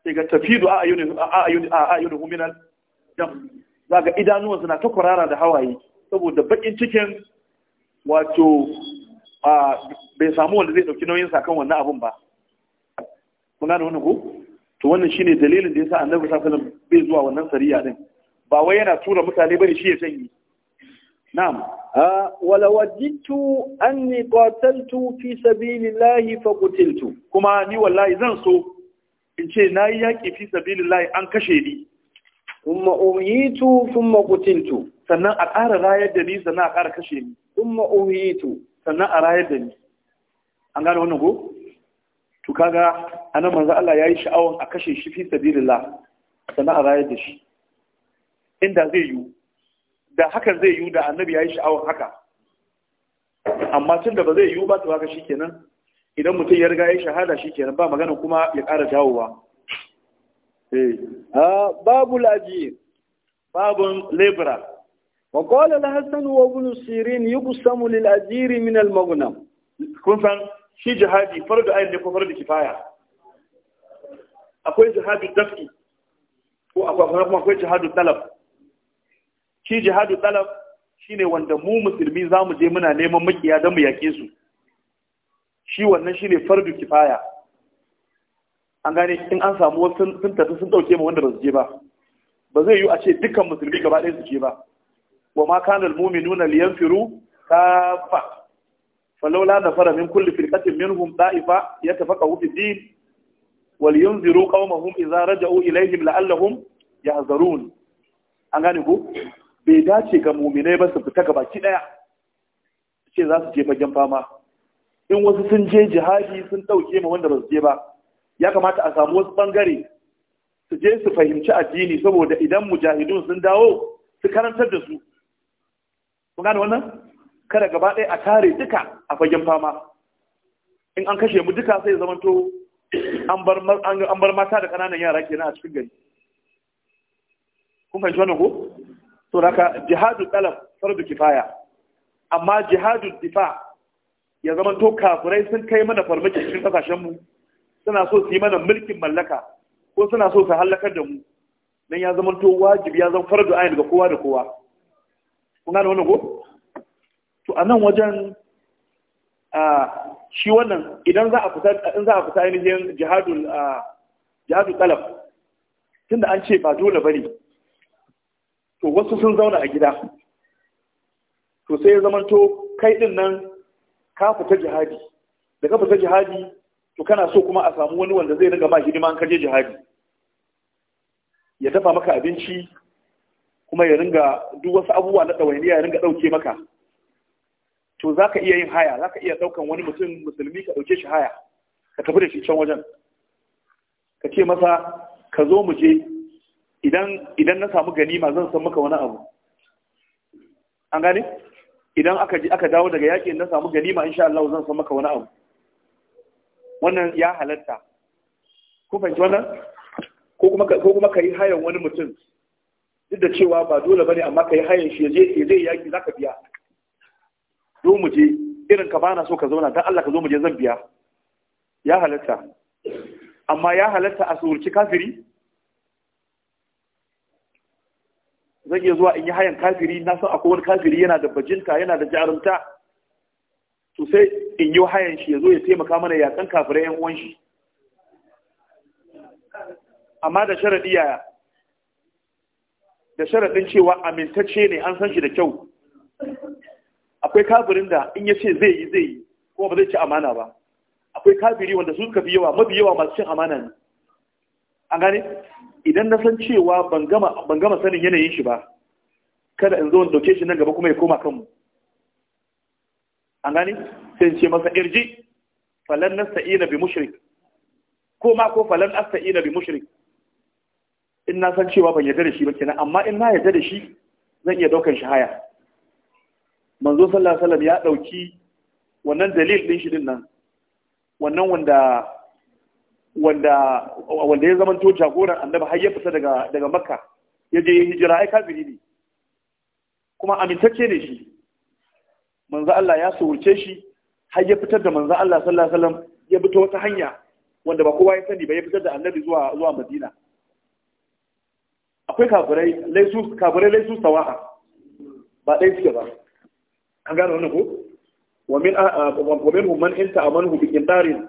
sai ga tafidu a'yunuhum a'yunuhum min ad-dam zaka idanuwan suna ta kurara da hawaye saboda bakin cikin wato bai samu wanda zai dauki nauyin sakan wannan abun ba kuna da wani ko to wannan shine dalilin da yasa annabi sallallahu alaihi wasallam bai zuwa wannan sariya din ba wai yana tura mutane bane shi ya sanyi na'am wala wajidtu anni qataltu fi sabilillahi fa qutiltu kuma ni wallahi zan so in ce nayi yaki fi sabilillahi an kashe ni thumma umitu thumma qutiltu sannan a ƙara rayar da ni sannan a ƙara kashe ni thumma umitu sannan a rayar da ni an gane wannan ko to kaga anan manzo Allah yayi sha'awan a kashe shi fi sabilillah sana'a a rayar da shi inda zai yi da haka zai yi da annabi yayi sha'awan haka amma tun da ba zai yi ba to haka shikenan idan mutum ya riga ya shahada shikenan ba magana kuma ya ƙara dawowa eh babu laji babun labra wa qala al-hasan wa ibn sirin yuqsamu lil ajiri min al-maghnam kun san shi jihadi farga ayin ne ko farga kifaya akwai jihadu dafki ko akwai jihadu talab shi jihadu talab shine wanda mu musulmi za mu je muna neman makiya don mu yaƙe su shi wannan shine farga kifaya an gane in an samu wasu sun tafi sun ɗauke mu wanda ba su je ba ba zai yi a ce dukkan musulmi gaba ɗaya su je ba wa ma kanal mu'minuna liyanfiru kafa falaula nafara faramin kulli firqatin minhum da'ifa yatafaqahu fi din wal yunziru qaumahum idza raja'u ilayhim la'allahum yahzarun an gane ko bai dace ga mu'minai ba su fita gaba ki daya ce za su je fagen fama in wasu sun je jihadi sun ɗauke ma wanda ba su je ba ya kamata a samu wasu bangare su je su fahimci addini saboda idan mujahidun sun dawo su karantar da su kun gane wannan kada gaba ɗaya a tare duka a fagen fama in an kashe mu duka sai to an bar mata da ƙananan yara kenan a cikin gari kun fahimci wannan ko to ka jihadu ɗalaf fardu kifaya amma jihadu difa ya to kafurai sun kai mana farmaki cikin ƙasashen mu suna so su yi mana mulkin mallaka ko suna so su hallakar da mu nan ya to wajibi ya zama fardu ayin ga kowa da kowa kun gane wannan ko to a nan wajen shi wannan idan za a fita in za a fita ainihin jihadul jihadul talab tunda an ce ba dole bane to wasu sun zauna a gida to sai ya zamanto kai din nan ka fita jihadi da ka fita jihadi to kana so kuma a samu wani wanda zai riga ma hidima an je jihadi ya dafa maka abinci kuma ya ringa duk wasu abubuwa na ɗawainiya ya ringa ɗauke maka to za ka iya yin haya za ka iya ɗaukan wani mutum musulmi ka ɗauke shi haya ka tafi da shi can wajen ka ce masa ka zo mu je idan na samu ganima zan san maka wani abu an gane idan aka ji aka dawo daga yaƙi na samu ganima insha Allah zan san maka wani abu wannan ya halatta ku fahimci wannan ko kuma ko kuma kai hayan wani mutum duk da cewa ba dole bane amma kai hayan shi je zai za zaka biya zo mu je irin ka bana so ka zauna dan Allah ka zo mu je zan biya ya halatta amma ya halatta a surci kafiri zan iya zuwa in yi hayan kafiri na san akwai wani kafiri yana da bajinta yana da jarumta to sai in yi hayan shi ya zo ya taimaka mana ya kan kafirai yan uwan shi amma da sharadi yaya da sharaɗin cewa amintacce ne an san shi da kyau akwai kafirin da in ya ce zai yi zai yi kuma ba zai ci amana ba akwai kafiri wanda su suka fi yawa mafi yawa masu cin amana ne an gane idan na san cewa ban gama sanin yanayin shi ba kada in zo in dauke shi nan gaba kuma ya koma kanmu an gane sai ce masa irji falan nasta'ina bi mushrik ko ma ko falan nasta'ina bi mushrik in na san cewa ban yarda da shi ba kenan amma in na yarda da shi zan iya daukan shi haya manzo sallallahu alaihi wasallam ya dauki wannan dalil din shi din nan wannan wanda wanda wanda ya to jagoran annabi har ya fita daga daga makka ya je hijira ai kafiri ne kuma amintacce ne shi manzo Allah ya surce shi har ya fitar da manzo Allah sallallahu alaihi wasallam ya bi ta wata hanya wanda ba kowa ya sani ba ya fitar da annabi zuwa zuwa Madina akwai kafirai laisu kafirai laisu sawa'a ba dai suke ba an gane wannan ko wa min a ah, ah, wa min man anta amanhu bi qintarin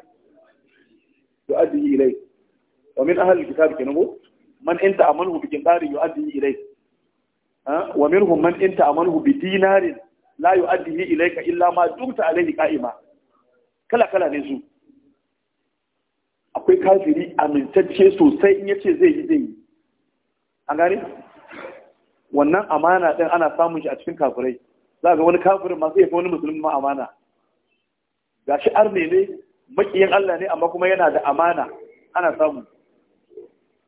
yi ilay wa min ahli alkitab kenan ko man inta a anta amanhu bi qintarin yu'addi ilay ha wa minhum man a manhu bi dinarin la yu'addi ka illa ma dumta alayhi qa'ima kala kala ne su akwai kafiri a amintacce sosai in yace zai yi zai yi an gane wannan amana din ana samun shi a cikin kafirai za ga wani kafirin masu yafi wani musulmi ma amana ga shi arme ne makiyin Allah ne amma kuma yana da amana ana samu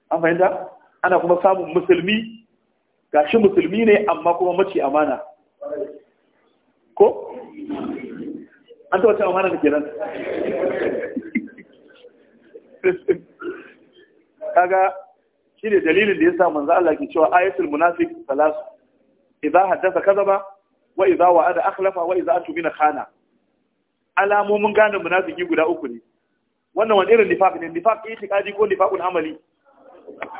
an fahimta ana kuma samun musulmi ga shi musulmi ne amma kuma mace amana ko an taɓa amana da ke nan *laughs* kaga shi ne dalilin da ya sa manzo Allah ke cewa ayatul munafiq salasu idan haddasa kaza ba wa idza wa'ada akhlafa wa idza atumina khana alamomin gane munafiki guda uku ne wannan wani irin nifaq ne nifaq tikadi ko nifaqun amali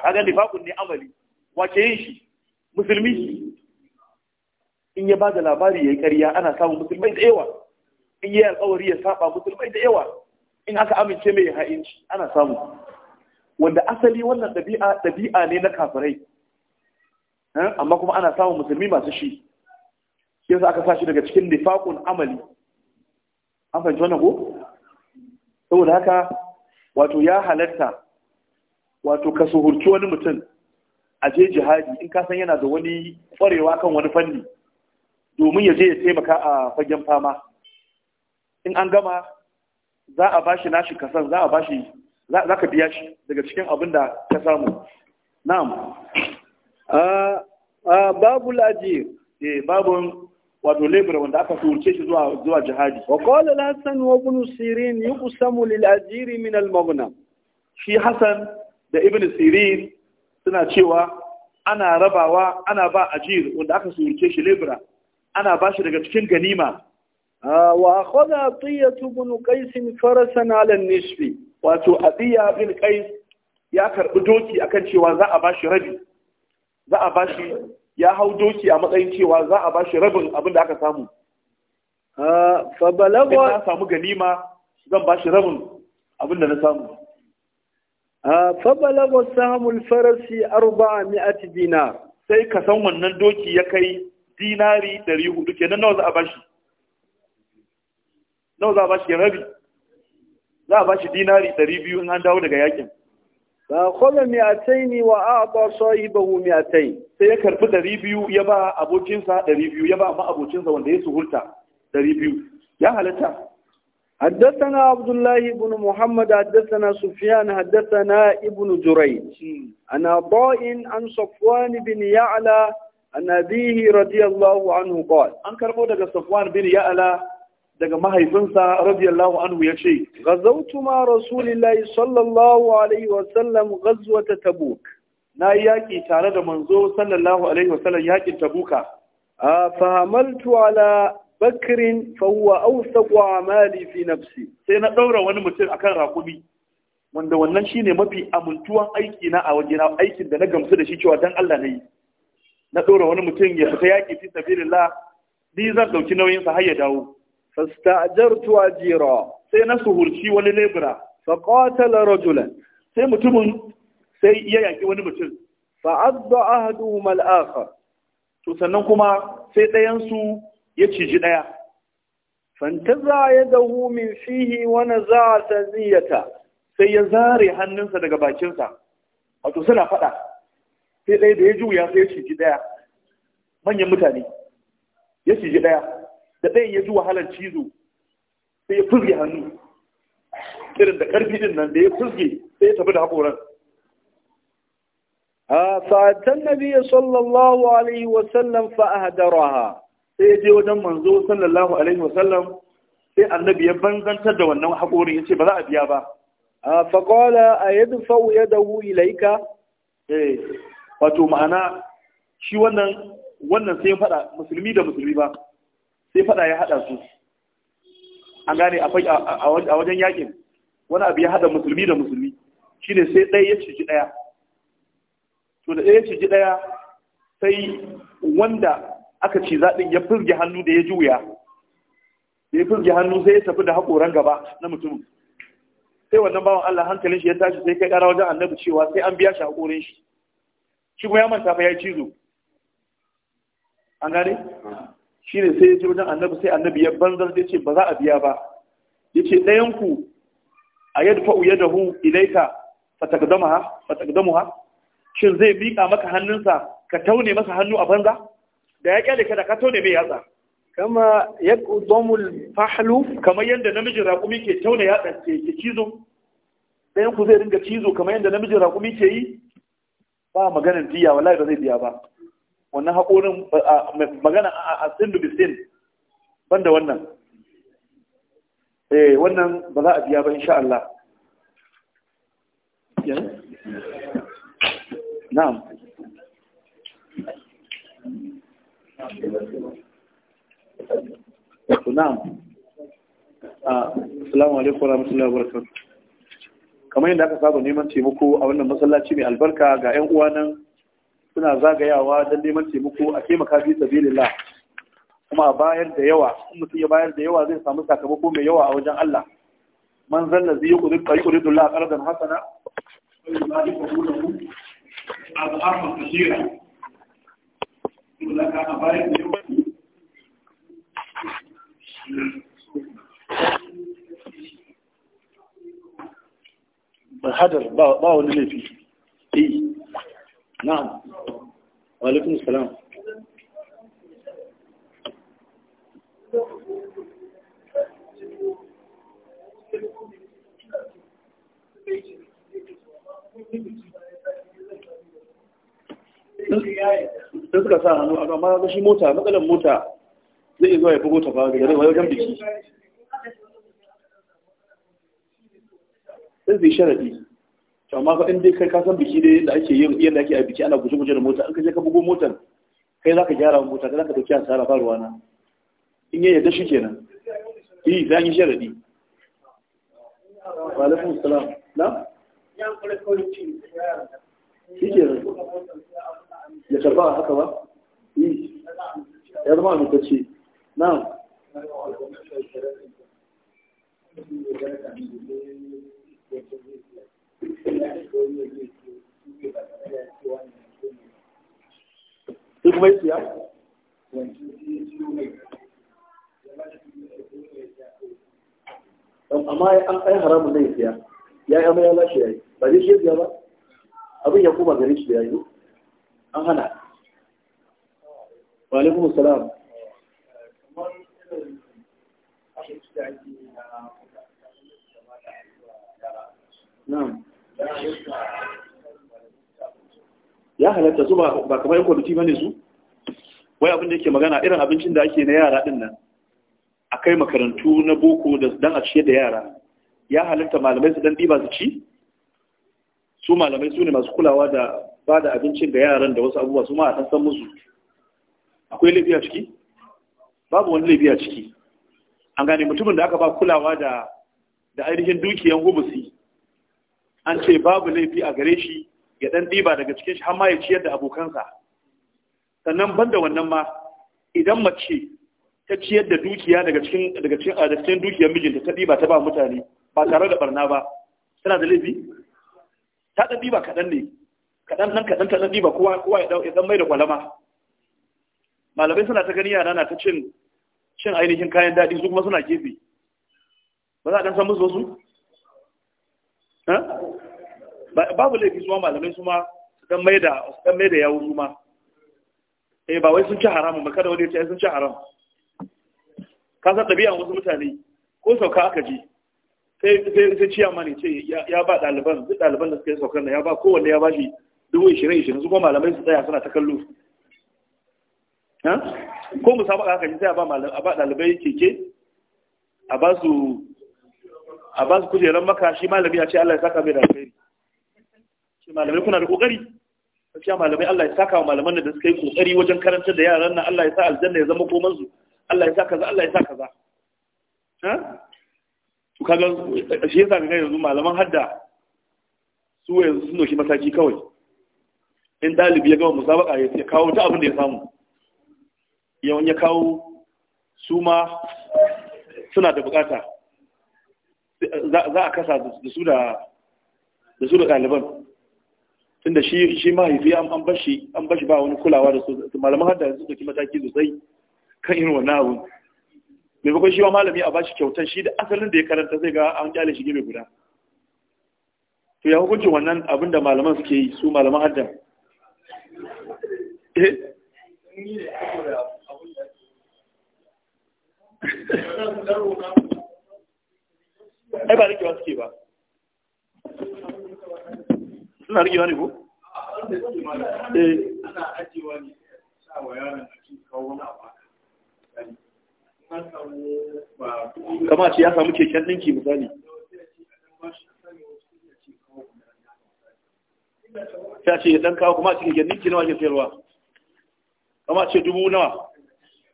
kaga nifaqun ne amali wace yin shi musulmi in ya bada labari yayi ƙarya ana samun musulmai da yawa in yi alƙawari ya saba musulmai da yawa in aka amince mai ha'inci ana samu wanda asali wannan ɗabi'a ɗabi'a ne na kafirai amma kuma ana samun musulmi masu shi yasa aka sashi daga cikin nifaqun amali an fahimci wannan ko saboda haka wato ya halatta wato ka suhurci wani mutum a je jihadi in ka san yana da wani kwarewa kan wani fanni domin ya je ya taimaka a fagen fama in an gama za a bashi nashi kasan za a bashi za ka biya shi daga cikin abin da ka samu na'am ah, ah, babu Ladi. Eh, babun wato lebur wanda aka turce shi zuwa zuwa jihadi wa qala al-hasan wa ibn sirin yuqsamu lil ajiri min al-maghnam shi hasan da ibn sirin suna cewa ana rabawa ana ba ajir wanda aka surce shi lebura ana ba shi daga cikin ganima ah, wa akhadha atiyah ibn qais farasan ala nisfi wato atiyah ibn qais ya karbi doki akan cewa za a ba shi rabi za a ba shi ya hau doki a matsayin cewa za a bashi rabin abin da aka samu fa balagha samu ganima zan bashi rabin abin da na samu fa balagha samul farasi mi'ati dinar sai ka san wannan doki ya kai dinari hudu. kenan nawa za a bashi nawa za a bashi rabi za a bashi dinari biyu in an dawo daga yakin ba kwallo miyatai ne wa a ba sahi ba hu miyatai sai ya karbi ɗari biyu ya ba abokinsa ɗari biyu ya ba ma abokinsa wanda ya suhurta ɗari biyu ya halatta حدثنا عبد الله بن محمد حدثنا سفيان حدثنا ابن جريج عن عطاء عن صفوان بن يعلى عن أبيه رضي الله عنه قال أنكر مودك صفوان بن يعلى daga mahaifinsa radiyallahu anhu ya ce gazautu ma rasulillahi sallallahu alaihi wasallam gazwata tabuk na yi yaƙi tare da manzo sallallahu alaihi wasallam yaƙin tabuka a fahamaltu ala bakirin fahuwa ausaƙwa amali fi nafsi sai na ɗaura wani mutum akan rakumi wanda wannan shine mafi amintuwan aiki na a wajena aikin da na gamsu da shi cewa dan Allah na yi na ɗaura wani mutum ya fita yaƙi fi la, ni zan ɗauki nauyinsa har ya dawo fastajartu ajira sai na suhurci wani lebura fa qatala rajulan sai mutumin sai ya yaki wani mutum fa adda ahduhum al-akhar to sannan kuma sai ɗayan su ya ciji ɗaya fantaza yadahu min fihi wa naza'a taziyata sai ya zare hannunsa daga bakinsa wato suna faɗa sai ɗaya da ya juya sai ya ciji ɗaya manyan mutane ya ciji ɗaya da ɗayan ya ji wahalar cizo sai ya fulge hannu irin da ƙarfi din nan da ya fulge sai ya tafi da haƙoran a na nabi sallallahu alaihi wasallam fa ahdaraha sai ya je wajen manzo sallallahu alaihi wasallam sai annabi ya banzantar da wannan haƙorin ya ce ba za a biya ba a faƙola a yadda fa'u ya dahu ilaika eh, wato ma'ana shi wannan wannan sai ya faɗa musulmi da musulmi ba sai fada ya hada su an gane akwai a wajen yakin wani abu ya hada musulmi da musulmi shine sai ɗaya ya ciji ɗaya to da ɗaya ya ciji ɗaya sai wanda aka ci zaɗin ya firge hannu da ya juya da ya firge hannu sai ya tafi da haƙoran gaba na mutumin sai wannan bawan Allah hankalin shi ya tashi sai kai ƙara wajen annabi cewa sai an biya shi haƙorin shi shi kuma ya manta fa ya cizo an gane Shi ne sai ya ce wajen annabi sai annabi ya banzar ya ce ba za a biya ba ya ɗayan ku a yadda fa'u yadfa yadahu ilaika fataqdamaha ha? shin zai miƙa maka hannunsa ka taune masa hannu a banza da ya kyale kada ka taune mai yatsa kama yaqdamul fahlu kamar yadda namijin raƙumi ke taune yatsa ke cizo ɗayan ku zai ringa cizo kamar yadda namijin raƙumi ke yi ba maganin diya wallahi ba zai biya ba wannan haƙorin magana a sin da bisin ban da wannan eh wannan ba za a biya ba insha Allah na'am na'am ah, assalamu alaikum warahmatullahi wabarakatuh kamar yadda aka saba neman taimako a wannan masallaci mai albarka ga 'yan uwa nan suna zagayawa don neman taimako a taimaka fi sabilillah kuma a bayar da yawa in mutum ya bayar da yawa zai samu sakamako mai yawa a wajen Allah man zalla zai yuqrid a qardan hasana hadar ba wani laifi eh. na'am wa alaikum salam sai suka sa hannu amma ga shi mota matsalar mota zai zuwa ya bugo ta ba daga wajen biki sai zai sharadi to amma fa in kai ka san biki ne da ake yin yadda ake a biki ana guje guje da mota an kaje ka bugo motar kai zaka gyara mota kai zaka dauki asara ba ruwana in yayin da shi kenan eh zan yi sharadi wa alaikum salam na shi kenan ya karba haka ba eh ya zama amintacce na ba kamar yan kwamiti bane su wai abin da yake magana irin abincin da ake na yara din nan A kai makarantu na boko da dan a ciye da yara ya halitta malamai su dan ba su ci su malamai su ne masu kulawa da ba da abincin ga yaran da wasu abubuwa su ma a san musu akwai laifi a ciki babu wani laifi a ciki an gane mutumin da aka ba kulawa da da ainihin dukiyan hubusi an ce babu laifi a gare shi ya dan ɗiba daga cikin shi har ma ya ciyar da abokansa sannan banda wannan ma idan mace ta ciyar da dukiya daga cikin daga cikin daga cikin dukiyar mijinta ta ɗiba ta ba mutane ba tare da barna ba tana da laifi ta dan ɗiba kaɗan ne kaɗan nan kaɗan ta dan ɗiba kowa kowa ya dan mai da kwalama malamai suna ta gani yana na ta cin cin ainihin kayan daɗi su kuma suna gefe ba za a dan san musu wasu babu laifi su malamai su ma su mai da su mai da ma eh ba wai sun ci haramun ba kada wani ya ce sun ci haram ka san ɗabi'an wasu mutane ko sauka aka ji sai sai sai ciya ne ce ya ba ɗaliban duk ɗaliban da suka yi saukar na ya ba kowanne ya ba shi dubu ishirin ishirin su kuma malamai su tsaya suna ta kallo ko musabaka aka ji sai a ba ɗalibai keke a ba su kujerar maka shi malami a ce Allah ya saka mai da alkhairi malamai kuna da kokari gaskiya malamai Allah ya saka wa malaman da suka yi kokari wajen karantar da yaran nan Allah ya sa aljanna ya zama koman su Allah ya sa kaza Allah ya sa kaza ha to kaga shi yasa ga yanzu malaman hadda su yanzu sun doki mataki kawai in dalibi ya gama musabaka ya kawo ta abin da ya samu yawan ya kawo su ma suna da bukata za a kasa da su da ɗaliban tunda shi shi mahaifi an bashi an ba wani kulawa da su malaman hadda yanzu dauki mataki sosai kan irin wannan abu bakwai shi wa malami a bashi kyautar shi da asalin da ya karanta zai ga an kyale shi gebe guda to ya hukunci wannan abin da malaman suke yi su malaman hadda eh? ai ba rikewa suke ba suna rigewa ne ko? Eh. ana a kama ce ya samu keken ɗinki misali ta ce ɗan kawo kuma a cikin keken ɗinki nawa ke sayarwa kama ce dubu nawa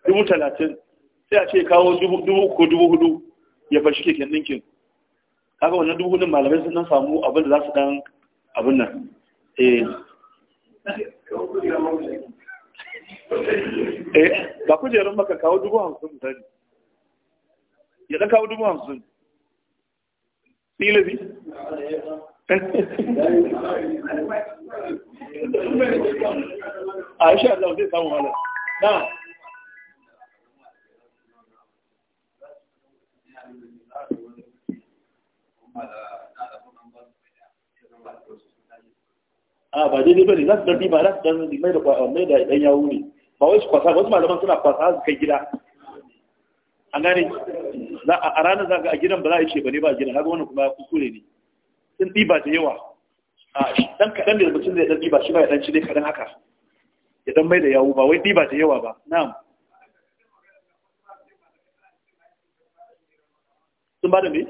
dubu talatin sai a ce kawo dubu ko dubu hudu ya fashi keken ɗinkin kaga wannan dubu hudun malamai sun samu abin da za su ɗan abin nan eh, eh ba ku kujerun maka kawo dubu hamsin misali ya ɗan kawo dubu hamsin ɗilabi eh. *laughs* a shi Allah zai samu halar na Thank uh -huh. a ah, ba dai bane za su dan riba za su dan mai da mai da dan yawo ne ba wai su kwasa wasu malaman suna kwasa su kai gida an gane za a ranar za a gidan ba za a yi ce bane ba a gidan haka wannan kuma kuskure ne sun ba da yawa a dan kaɗan da mutum zai dan ba shi ba ya dan ci dai kaɗan haka ya dan mai da yawo ba wai ba da yawa ba na'am sun ba da me?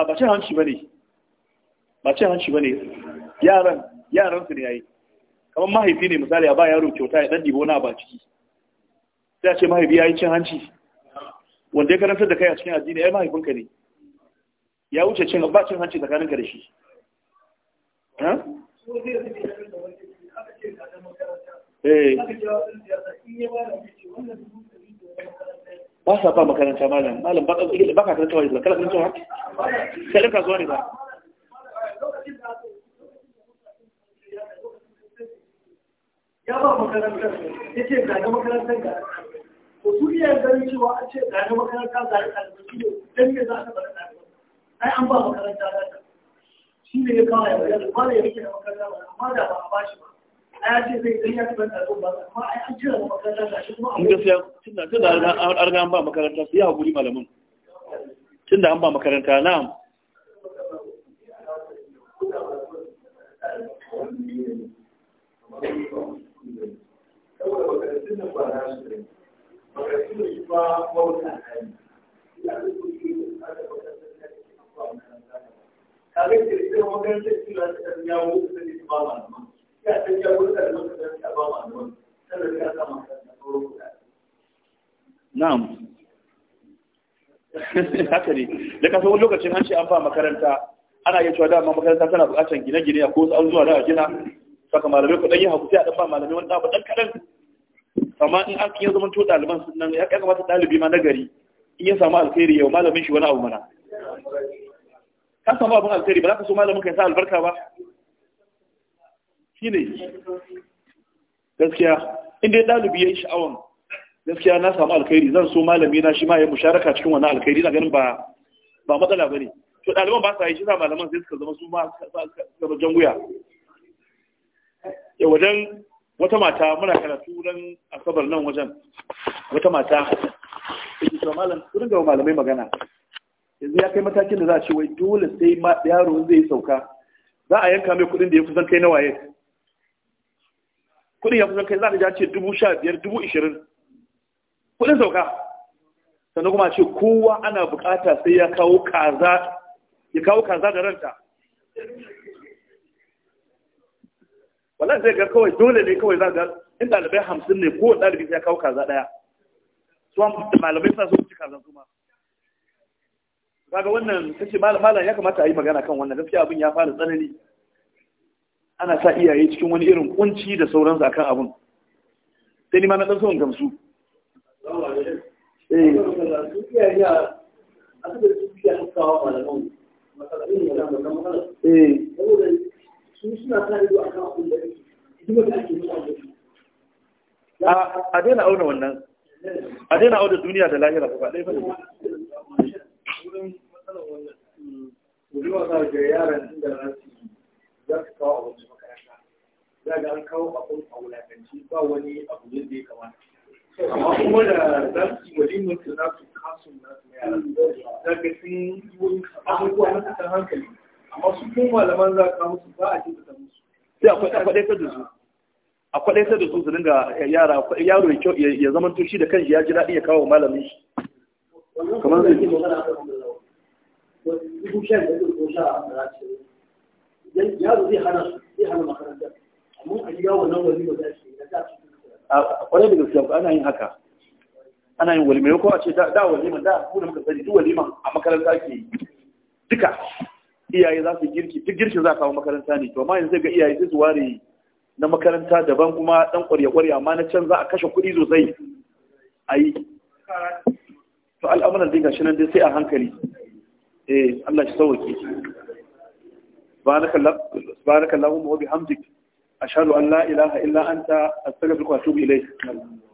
a ba cin hanci ba ne ba cin hanci ba ne yaran yaran su ne yayi kamar mahaifi ne misali a ba yaro kyauta ya dan dibo na ba ciki sai a ce mahaifi yayi cin hanci wanda ya karanta da kai a cikin addini ai mahaifinka ne ya wuce cin ba cin hanci tsakaninka da shi eh ba sa ba makaranta malam malam ba ka karantawa ne ba kala karantawa sai ka zo ne ba ya ba makarantar ya ce ga makarantar ga su iya ganin cewa a ce zaga makaranta ne za ai an ba makaranta shi ne ya kawo ya ba da ya rike da makaranta ba amma da ba a ba shi ba tun da an ba makaranta su yi malamin tun da an ba makaranta na Kare ke cikin makarantar suna da yawo da ne malaman. ya ya na'am *laughs* haka ne da ka san lokacin an ce an ba makaranta ana iya cewa dama makaranta tana buƙatar gine-gine a ko wasu zuwa da gina saka malamai ku ɗanyi hakuti a ɗan ba malamai wani ɗan ɗan kaɗan amma in an kiyan zaman to ɗaliban sun nan ya kamata ɗalibi ma nagari in ya samu alkhairi yau malamin shi wani abu mana ka samu abin alkhairi ba za ka so malamin ka sa albarka ba shi ne gaskiya inda ya ɗalibi ya yi sha'awan gaskiya na samu alkhairi zan so malami na shi ma ya musharaka cikin wannan alkhairi na ganin ba ba matsala ba ne to ɗaliban ba sa yi shi sa malaman sai suka zama su ma jan janguya ya wajen wata mata muna karatu don asabar nan wajen wata mata yake cewa malam su dinga malamai magana yanzu ya kai matakin da za a ce wai dole sai yaro zai sauka za a yanka mai kuɗin da ya kusan kai na waye kuɗin ya kusan kai za ta ja ce dubu sha biyar dubu ishirin kuɗin sauka sannan kuma ce kowa ana bukata sai ya kawo kaza ya kawo kaza da ranta wannan zai ga kawai dole ne kawai za ga in ɗalibai hamsin ne ko ɗalibi sai ya kawo kaza ɗaya su malamai sa su ci kaza su ma kaga wannan kace malam ya kamata a yi magana kan wannan gaskiya abin ya fara tsanani ana sa iyaye cikin wani irin kunci da sauransu akan abun sai ni ma na ɗan son gamsu a daina auna wannan a daina auna duniya da lahira ba ɗaya ba ne wurin matsalar wannan mm, wurin wasa ga yaran da rasu za ka kawo abinci makaranta za ga an kawo abin a wulakanci ba wani abu yadda ya kamata amma kuma da za su yi walimar da za su kasu na su yara za ga sun yi abubuwa na tattan hankali amma su kuma malaman za ka musu ba a ce ta musu sai akwai akwai ta da su a kwaɗaita da su su dinga yara yaro ya kyau ya zama to shi da kanshi ya ji daɗi ya kawo malamin shi kamar zai dan zai hana su zai hana makaranta amma a gida wannan wani ba za su yi da a kwarai da gaskiya ana yin haka ana yin walima ko a ce da walima da ku da muka sani duk walima a makaranta ke yi duka iyaye za su girki duk girkin za a kawo makaranta ne to amma yanzu sai ga iyaye sai su ware na makaranta daban kuma dan ƙwarya-ƙwarya, amma na can za a kashe kuɗi sosai a yi to al'amuran dai gashi nan dai sai a hankali eh Allah shi sauke subhanaka allahumma wa bihamdik ashhadu an la ilaha illa anta a wa atubu ilayk